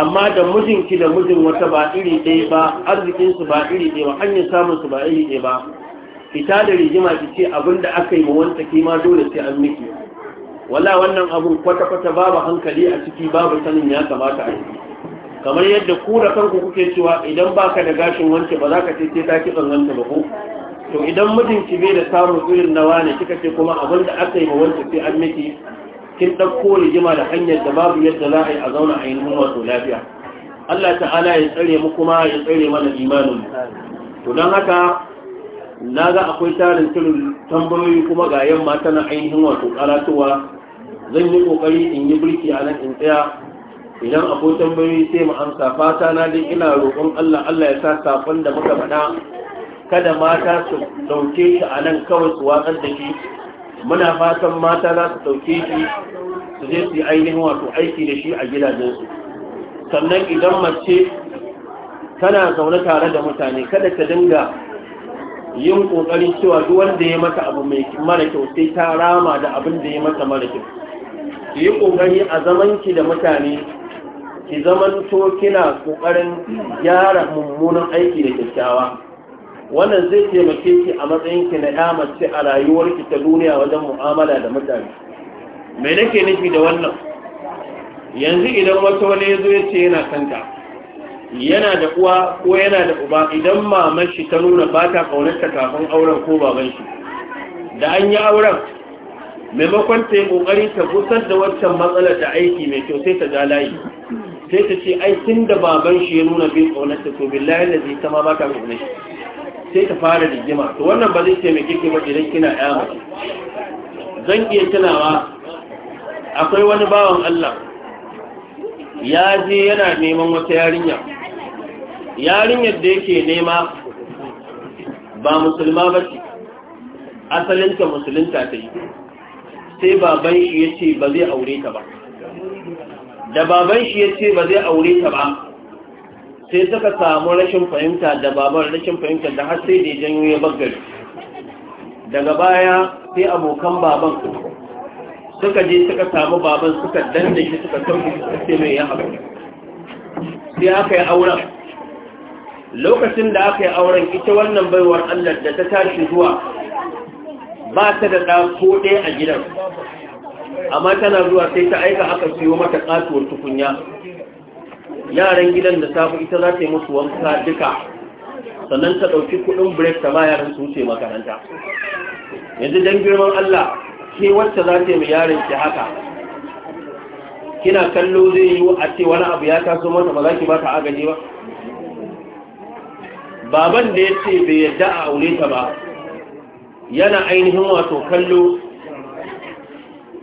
amma da mijinki da mijin wata ba iri ɗaya ba arzikinsu ba iri ɗaya ba hanyar samunsu ba iri ɗaya ba fita da rigima ki ce abin da aka yi ma kima dole sai an miki wala wannan abun kwata-kwata babu hankali a ciki babu sanin ya kamata a yi kamar yadda ku da kanku kuke cewa idan baka da gashin wance ba za ka ce sai ta kitsan wance ba ko to idan mijin ki bai da samun irin na wane kika ce kuma abin da aka yi ma wance sai an miki kin ɗauko rigima da hanyar da babu yadda za a yi a zauna a nuna wato lafiya Allah ta'ala ya tsare mu kuma ya tsare mana imanin to don haka na ga akwai tarin turin tambayoyi kuma ga yamma tana ainihin wato karatuwa. zan yi kokari in yi birki a nan in tsaya idan akwai tambayoyi sai mu amsa fata na dai ina roƙon Allah Allah ya sa sakon da muka faɗa kada mata su dauke shi a nan kawai su watsar da shi muna fatan mata za su dauke shi su je su yi ainihin wato aiki da shi a gidajen su. sannan idan mace tana zaune tare da mutane kada ta dinga yin kokarin cewa duk wanda ya mata abu mai mara kyau sai ta rama da abin da ya mata mara kyau ki yi kokari a zaman ki da mutane ki zaman to kina ƙoƙarin gyara mummunan aiki da kyakkyawa wannan zai taimake ki a matsayin ki na ya mace a rayuwar ki ta duniya wajen mu'amala da mutane me nake nufi da wannan yanzu idan wata wani ya zo ya ce yana kanta. yana da uwa ko yana da uba idan maman shi ta nuna ba ta kaunarta kafin auren ko baban shi da an yi auren maimakon ta yi kokari ta gusar da wancan matsalar da aiki mai kyau sai ta ja layi sai ta ce ai tun da baban shi ya nuna bin kaunarta to billahi da zai ta ma ba ta kaunar shi sai ta fara rigima to wannan ba zai mai ki ba idan kina ya mace zan iya tunawa akwai wani bawan Allah ya je yana neman wata yarinya yarinyar da yake nema ba musulma ba ce asalinta musulunta ta yi sai baban shi ya ce ba zai aure ta ba da baban shi ya ce ba zai aure ta ba sai suka samu rashin fahimta da baban rashin fahimta da har sai da ya janyo ya bagari daga baya sai abokan baban suka je suka samu baban suka danne shi suka tafi suka ce mai ya haɓu sai aka yi auren lokacin da aka yi auren ita wannan baiwar Allah da ta tashi zuwa ba ta da ɗa ko ɗaya a gidan amma tana zuwa sai ta aika aka siyo mata katuwar tukunya yaran gidan da safi ita za ta yi musu wanka duka sannan ta ɗauki kuɗin break ta ba yaran su wuce makaranta yanzu don girman Allah ke wacce za ta yi mai yaran ki haka kina kallo zai yi a ce wani abu ya taso mata ba za ki ba ta agaji ba baban da ya ce bai yadda a aure ta ba yana ainihin wato kallo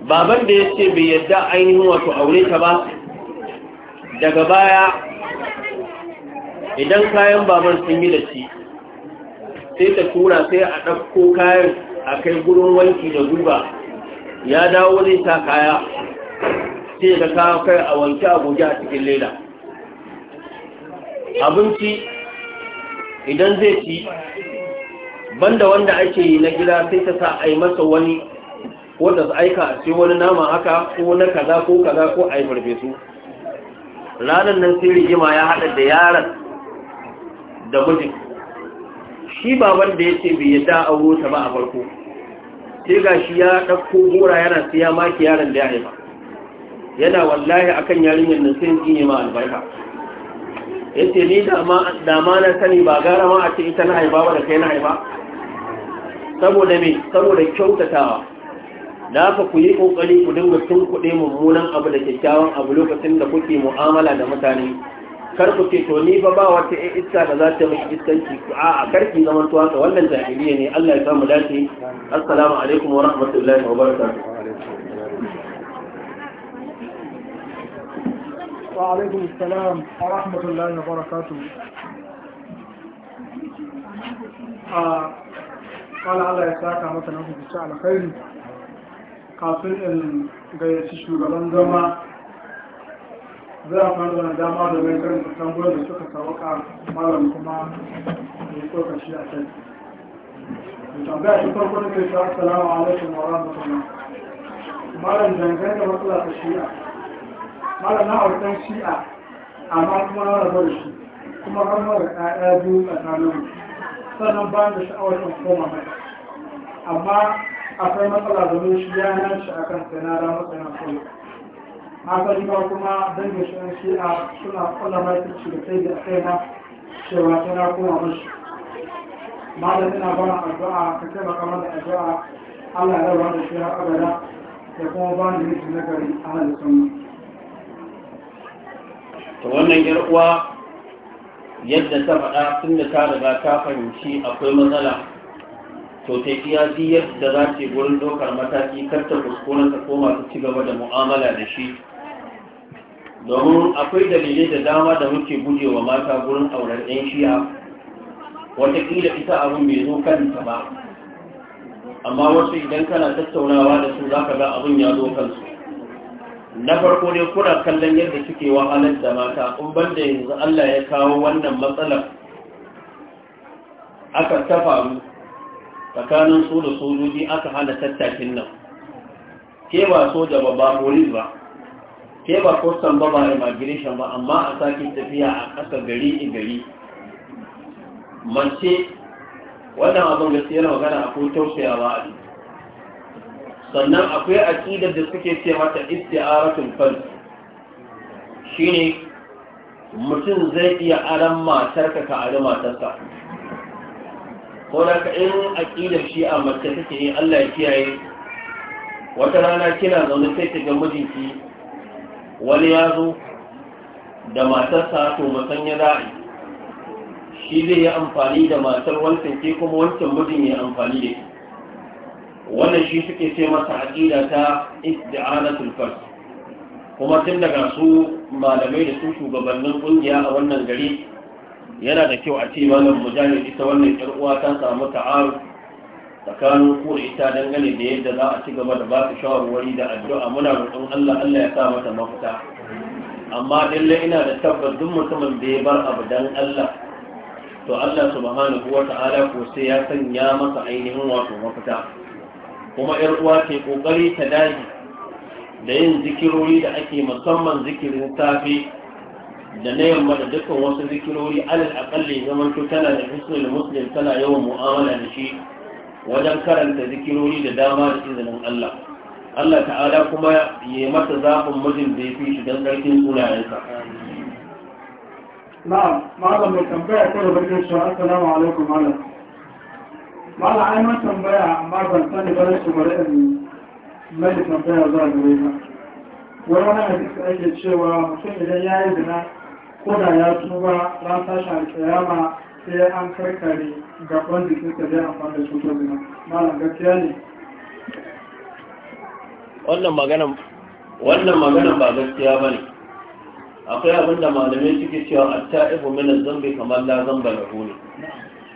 baban da ya ce bai yadda ainihin wato aure ta ba daga baya idan kayan baban sun yi da shi sai ta tura sai a ɗauko kayan a kai gurin wanki da gulba ya dawo zai sa kaya sai ta kawo kai a wanke a goge a cikin leda abinci idan zai ci banda wanda ake yi na gida sai ta sa a yi masa wani ko da aika ce wani nama haka ko na kaza ko kaza ko a yi farfesu ranar nan sai rigima ya haɗa da yaran da mijin shi baban da ya ce bai yadda a wuta ba a farko sai ga shi ya ɗauko gora yana sai ya maki yaron da ya haifa yana wallahi akan yarinyar nan sai yi ma albarka yace ni da na sani ba gara ma a ce ita na haifa ba da kai na haifa saboda mai saboda kyautatawa da haka ku yi kokari ku dinga tun kuɗe mummunan abu da kyakkyawan abu lokacin da kuke mu'amala da mutane kar ku ce to ni ba ba wata iska da za ta mai iskanci a a kar ki zaman tuwa wannan jahiliya ne Allah ya samu dace assalamu alaikum wa rahmatullahi wa barakatuh وعليكم السلام ورحمة الله وبركاته آه، قال الله يساك مثلا في الشعر الخير قافل الجاي سيشو غلان دوما ذا فاندو انا داما دوما يكرم تنبول بسوكا سوكا مالا مكما بسوكا شيئا سيد السلام عليكم ورحمة الله mara na autan shi'a amma kuma na rabu da shi kuma har ga ƙaya biyu a tsanin sannan ba da sha'awar in koma mai amma akwai matsala domin shi ya nan shi akan sanara matsana kawai hasali ba kuma dangin shi shi'a suna kula mai da kai da kai na cewa tana koma mashi malam ina ba addu'a ka taimaka mana addu'a Allah ya rabu da shi har abada da kuma ba ni na nagari a halittun mu ta wannan yar uwa yadda ta faɗa tun da ta riga ta fahimci akwai matsala to ta iya ji yadda za ta gurin dokar mataki kar ta ta koma ta ci gaba da mu'amala da shi domin akwai dalilai da dama da muke guje wa mata gurin auren 'yan shiya wataƙila ita abin bai zo kanta ba amma wasu idan kana tattaunawa da su za ka ga abin ya zo kansu na farko ne kuna kallon yadda suke wahalar da mata in banda yanzu Allah ya kawo wannan matsalar aka ta faru tsakanin su da sojoji aka hana tattakin nan ke ba soja ba ba polis ba ke ba kwastan ba ba immigration ba amma a sake tafiya a ƙasa gari i gari mace wannan abin yana magana akwai tausayawa a jiki sannan akwai aƙidar da suke ce mata isti'aratul fal shine mutum zai iya aran matarka ka ari matarsa ko da ka in aƙidar shi a mace take ne Allah ya kiyaye wata rana kina zaune sai ta ga mijinki wani ya zo da matarsa to ya za'a shi zai yi amfani da matar wancan ke kuma wancan mijin ya amfani da shi wannan shi suke ce masa aqida ta isti'anatul fard kuma tun daga su malamai da su shugabannin kungiya a wannan gari yana da kyau a ce malam mujahid ita wannan yar uwa ta samu ta'aru tsakanin ko ita dangane da yadda za a ci gaba da ba ta shawarwari da addu'a muna roƙon Allah Allah ya sa mata mafita amma dalle ina da tabbas duk mutumin da ya bar abu dan Allah to Allah subhanahu wa ta'ala ko sai ya sanya masa ainihin wato mafita kuma ‘yar uwa ke ƙoƙari ta dage da yin zikirori da ake musamman zikirin safe da na yamma da dukkan wasu zikirori alal akalli zaman tana da husnul muslim tana yawan mu'amala da shi wajen karanta zikirori da dama da izinin Allah Allah ta'ala kuma ya mata zafin mijin da ya fi shi don ƙarfin sunayensa na'am malam mai tambaya ko da barkin shi assalamu alaikum malam mala ai man tambaya amma ban sani ba rashin bari in mai tambaya zuwa gare ba wani wani hadisi ake cewa mutum idan ya yi zina ko da ya tuba ran tashi alƙiyama sai an karkare gaban jikinsa zai amfani da cutar zina malam gaskiya ne wannan maganan wannan maganan ba gaskiya bane akwai abinda malamai suke cewa a atta ibu min zambi kamar la zamba lahu ne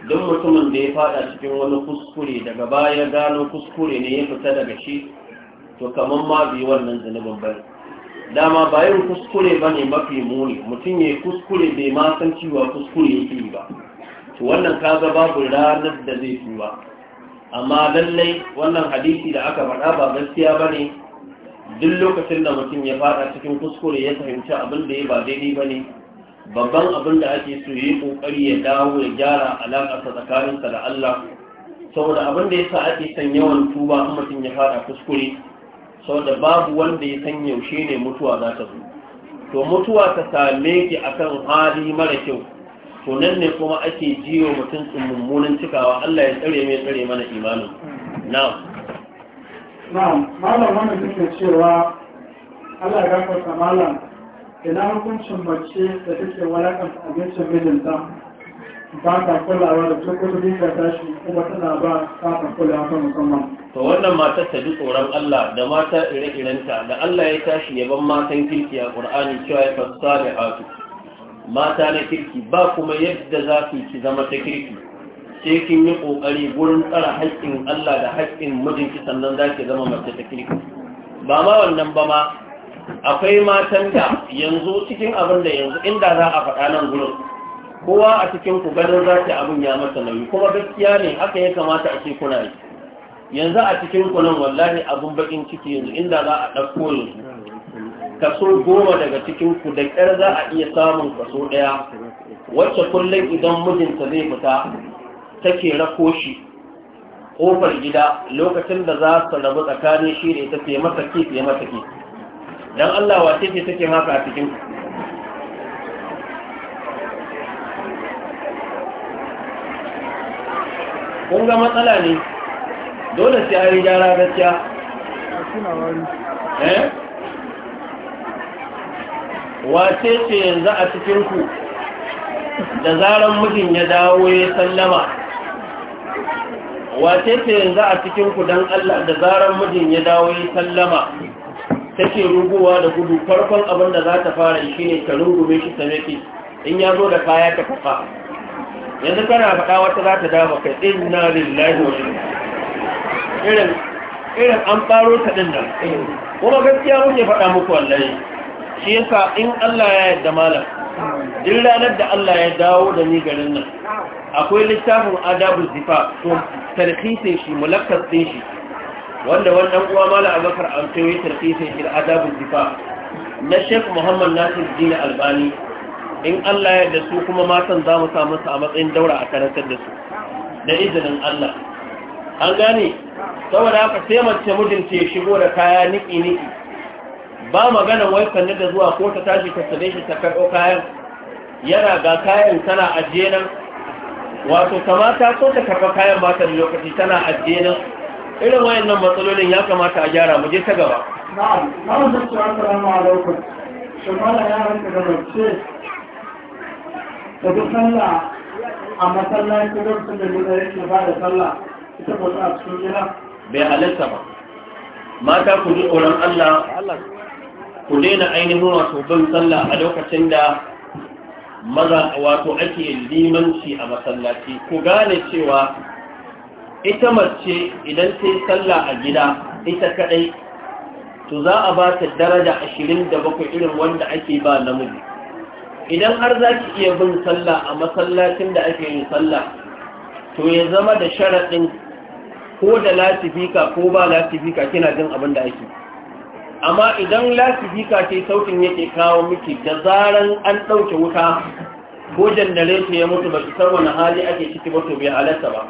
don mutumin da ya fada cikin wani kuskure daga baya gano kuskure ne ya fita daga shi to kamar ma bi wannan zunubin bai dama bayan kuskure ba ne mafi muni mutum ya kuskure bai ma san cewa kuskure ya yi ba to wannan ka ga babu ranar da zai fi ba? amma lallai wannan hadisi da aka faɗa ba gaskiya ba ne? duk lokacin da mutum ya fada cikin kuskure ya fahimci abin da ya ba daidai ba ne? babban abin da ake so yi kokari ya dawo ya gyara alaƙarsa tsakaninsa da Allah saboda abin da yasa ake son yawan tuba kuma ya fada kuskure saboda babu wanda ya san yaushe ne mutuwa za ta zo to mutuwa ta same ki akan hali mara kyau to nan ne kuma ake jiwa mutum mummunan cikawa Allah ya tsare mai tsare mana imanin na'am na'am malam wannan cewa Allah ya gafarta malam ina hukuncin bacci da take walakan abincin mijinta ba ta kulawa da tukutukin ka tashi kuma tana ba ta kulawa ta musamman. To wannan matar ta ji tsoron Allah da mata ire-irenta da Allah ya tashi yaban matan kirki a Qur'ani cewa ya fassa da hatu. Mata na kirki ba kuma yadda za su ki zama ta kirki. Sai kin yi ƙoƙari gurin tsara haƙƙin Allah da haƙƙin mijinki sannan za ki zama mace ta kirki. Ba ma wannan ba ma akwai matan da yanzu cikin abin da yanzu inda za a faɗa nan gudun. kowa a cikin ku ganin za ta abin ya masa nauyi kuma gaskiya ne haka ya kamata a ce kuna yi yanzu a cikin ku nan wallahi abin bakin ciki yanzu inda za a ɗauko yanzu kaso goma daga cikin ku da ƙyar za a iya samun kaso ɗaya wacce kullum idan mijinta zai fita take rako shi ƙofar gida lokacin da za su rabu tsakanin shi da ita fiye masa ke fiye masa ke dan Allah wace ce take maka a cikin kun ga matsala ne dole sai an yi gyara gaskiya eh? wace ce yanzu a cikin ku da zaran mijin ya dawo ya sallama wace ce yanzu a cikin ku don Allah da zaran mijin ya dawo ya sallama take ruguwa da gudu farkon abin da za ta fara shi ne ta rungume shi ta meke in ya zo da kaya ta kafa yanzu kana faɗa wata za ta dama kai inna lillahi wa irin irin an faro ta din nan kuma gaskiya mun ya faɗa muku wallahi shi yasa in Allah ya yarda malam din ranar da Allah ya dawo da ni garin nan akwai littafin adabu zifa to tarhisin shi mulakkas din shi wanda wannan uwa mala abakar an kai wai tarfisin da adabul Jifa na shek Muhammad Nasir Dina Albani in Allah ya da su kuma matan za mu samu su a matsayin daura a karantar da su da izinin Allah an gane saboda haka sai mace mijinta ya shigo da kaya niki niki ba magana wai sanne da zuwa ko ta tashi ta sade shi ta karɓo kayan yana ga kayan tana ajiye nan wato kamata ko ta karɓa kayan ba ta lokaci tana ajiye nan irin wayannan matsalolin ya kamata a gyara mu je ta gaba a masallaci ba da ita bai halatta ba mata ku ji tsoron Allah ku daina ainihin wato bin sallah a lokacin da maza wato ake limanci a masallaci ku gane cewa ita mace idan ta yi sallah a gida ita kadai to za a ba ta daraja ashirin da bakwai irin wanda ake ba namiji idan har za ki iya bin sallah a masallacin da ake yin sallah to ya zama da sharaɗin ko da latifika ko ba latifika kina jin abin da ake amma idan latifika ce sautin yake kawo miki da zaran an ɗauke wuta ko jannare ya mutu ba ki san wani hali ake ciki ba to bai halarta ba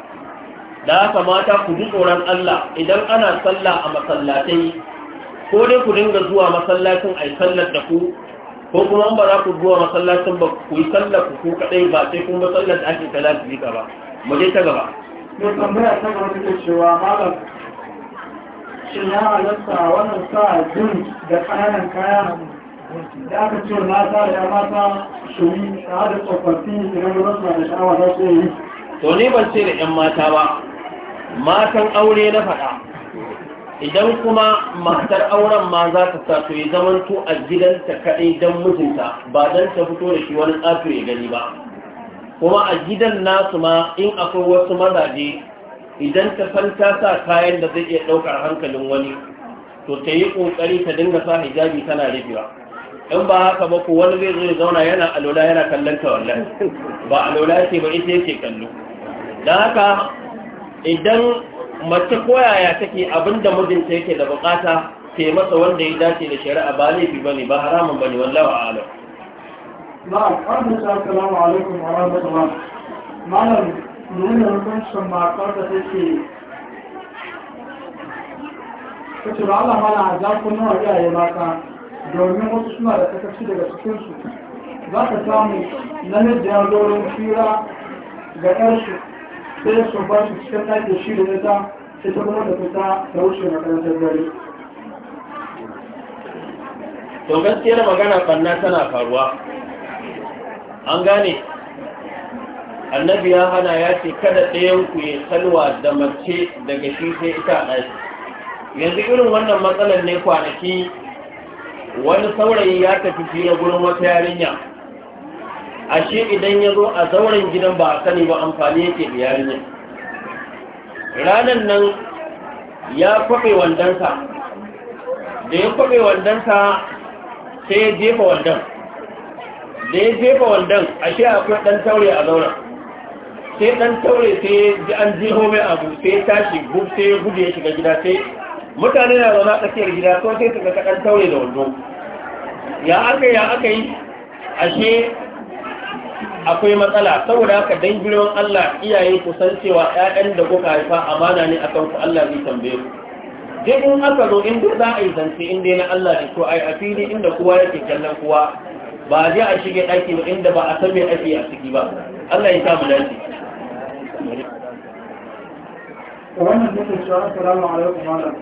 da haka mata ku ji tsoron Allah idan ana sallah a masallatai ko dai ku dinga zuwa masallacin a yi sallar da ku ko kuma ba za ku zuwa masallacin ba ku yi sallar ku ku kadai ba sai kun sallar da ake salatu zika ba mu je ta gaba ne tambaya ta gaba take cewa malam shi ya halatta wannan sa jin da kananan kaya da aka ce na mata da mata shuri da hada tsofaffi idan ba su da sha'awa za su yi to ne ban ce da 'yan mata ba matan aure na faɗa idan kuma matar auren ma za ta sato ya zamanto a gidanta kaɗai don mijinta ba don ta fito da shi wani tsato ya gani ba kuma a gidan nasu ma in akwai wasu mazaje idan ta san ta sa kayan da zai iya ɗaukar hankalin wani to ta yi ƙoƙari ta dinga sa hijabi tana rufewa in ba haka ba ko wani zai zo ya zauna yana alola yana kallon ta wallahi ba alola ce ba ita yake kallo da haka idan mace koyaya take abinda mijinta yake da bukata ke masa wanda ya dace da shari'a ba laifi bane ba haramun bane wallahi a'lam na'am assalamu alaikum wa rahmatullah malam nuna hukuncin matar da take kace ba Allah mala za ku nawa iyaye mata domin wasu suna da kasashe daga cikin su za ka samu namiji ya zo fira ga 'yarsu sai da ba su cikin ɗakin shi da nita sai ta kuma da fita da wuce makarantar dare. to gaskiyar magana ɓanna tana faruwa an gane annabi ya hana ya ce kada ɗayan ku ya salwa da mace daga shi sai ita a ɗaki yanzu irin wannan matsalar ne kwanaki wani saurayi ya tafi fiye gurin wata yarinya ashe idan ya zo a zauren gidan ba a sani ba amfani yake da yarinyar ranar nan ya kwaɓe wandonsa da ya kwaɓe wandonsa sai ya jefa wandon da ya jefa wandon ashe akwai ɗan taure a zauren sai ɗan taure sai an jiho a abu sai ya tashi gub sai ya gudu ya shiga gida sai mutane na zaune a tsakiyar gida sosai sai ka ɗan taure da wando ya aka ya aka yi ashe akwai matsala saboda haka dan girman Allah iyaye ku san cewa ƴaƴan da kuka haifa amana ne akan ku Allah zai tambaye ku dai in aka zo in duk za a yi zance in dai na Allah ne to ai a fili inda kowa yake kallon kowa ba je a shige ɗaki ba inda ba a san me ake a ciki ba Allah ya samu dace wannan ne ke cewa assalamu alaikum malam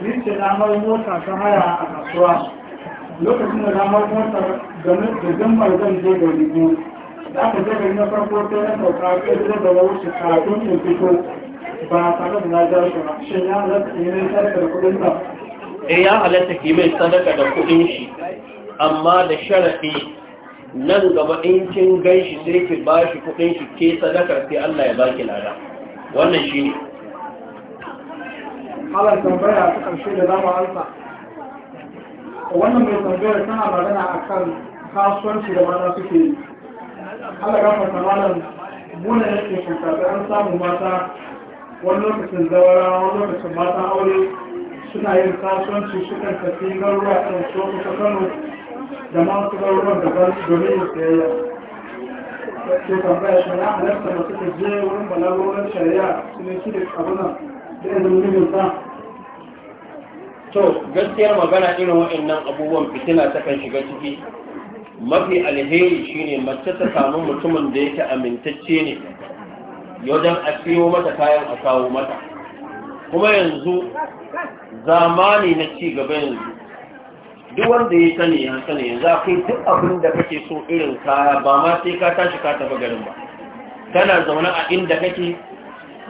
ni ce na mai mota ta haya a kasuwa lokacin da na mai mota da jama'a zan je da biyu aka zaga na farko ta na sauka ya zuwa da wuce kafin in fito ba tare da na ja shi ba shin ya halatta yi mai sadaka da kuɗin ba eh ya halatta ke mai sadaka da kuɗin shi amma da sharafi, nan gaba in kin ganshi sai ki ba shi kuɗin shi ke sadaka, sai Allah ya ba ki lada wannan shi ne halar tambaya ta ƙarshe da zama alfa wannan mai tambayar tana magana akan kasuwanci da mata suke yi Allah ga fata malam muna yake kankafi an samu mata wani lokacin zawara wani lokacin mata aure suna yin kasuwanci sukan tafi garuruwa kan su kusa Kano da ma su garuruwan da ban domin yin sayayya. Ke tambaya shari'a halarta da suka je wurin balagoran shari'a su ne shi da abunan da yanzu mutumin sa. To gaskiyar magana irin wa'annan abubuwan fitina ta kan shiga ciki mafi alheri shine mace ta samu mutumin da yake amintacce ne yadon a siyo mata kayan a kawo mata kuma yanzu zamani na ci gaba yanzu duk wanda ya sani ya sani yanzu akwai duk abin da kake so irin kaya ba ma sai ka tashi ka tafi garin ba kana zaune a inda kake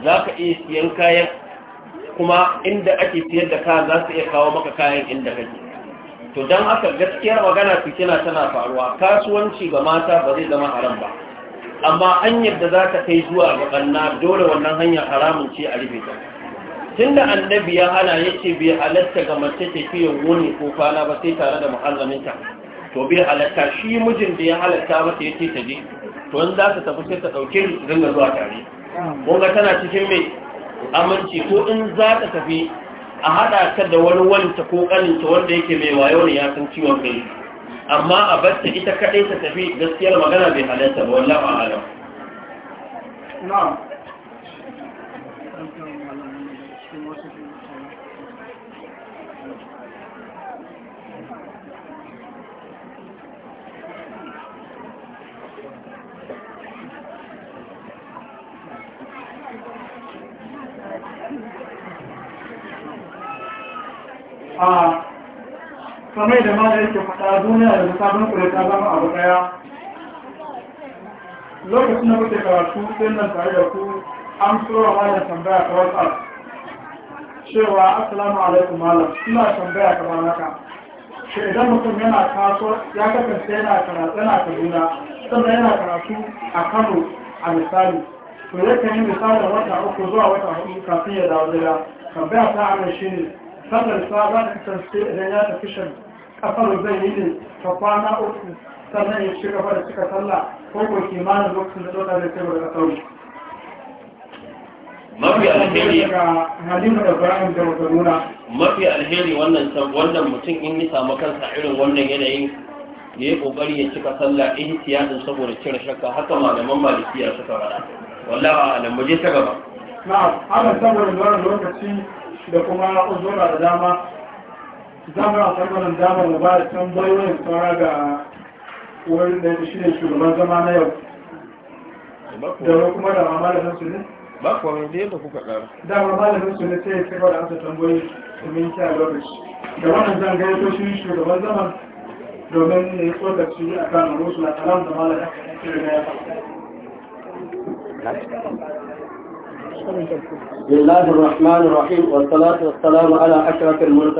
za ka iya siyan kayan kuma inda ake siyar da kaya za su iya kawo maka kayan inda kake to don aka gaskiyar magana fitina tana faruwa kasuwanci ga mata ba zai zama haram ba amma hanyar da za ta kai zuwa ga ɓanna dole wannan hanyar haramun ce a rufe ta tun da annabi ya hana ya ce bai halatta ga mace tafiya wuni ko kwana ba sai tare da muhallaminta to bai halatta shi mijin da ya halatta mata ya ce ta je to in za ta tafi sai ta ɗauke zanga zuwa tare kun tana cikin mai aminci ko in za ta tafi a haɗa ka da wani wanta ko ƙaninta wanda yake mai wayo ne ya san ciwon kai amma a batta ita kadai ta tafi gaskiyar magana bai halatta ba wallahi a'lam na'am kamar da ma da yake fata duniya da musamman kure ta zama abu ɗaya lokacin da muke karatu sai nan tare da ku an tura da tambaya ta whatsapp cewa assalamu alaikum malam suna tambaya kamar haka shi idan mutum yana kaso ya kasance yana karatu yana kaduna sannan yana karatu a kano a misali to yakan yi da wata uku zuwa wata hudu kafin ya dawo gida tambaya ta amince shi ne sallar sa za ta kasance idan ya tafi shan kasar zai yi din ta kwana uku sannan ya shiga fara cika sallah ko ko kimanin lokacin da dole zai tsaye daga sauri mafi alheri ga halima da bayan da wata nuna mafi alheri wannan wannan mutum in ya samu kansa irin wannan yanayin ya yi kokari ya cika sallah in tiyadin saboda cire shakka haka malaman malikiya suka fara wallahi alam mu je ta gaba na'am haka saboda wannan lokaci da kuma uzura da dama zamar a sarbanin damar da ba da can bayoyin saura ga wurin da ya shi ne shugaban zama na yau da kuma da mamalin su ne ba kuwa mai da yadda kuka ƙara damar malamin su ne sai ya saba da amsa tambayoyi domin kya lokaci da wannan zan gaya to shi shugaban zaman domin ya yi tsokaci a kan rusu na kalam da malamin su ne ya بسم الله الرحمن الرحيم والصلاة والسلام على أشرف المرسلين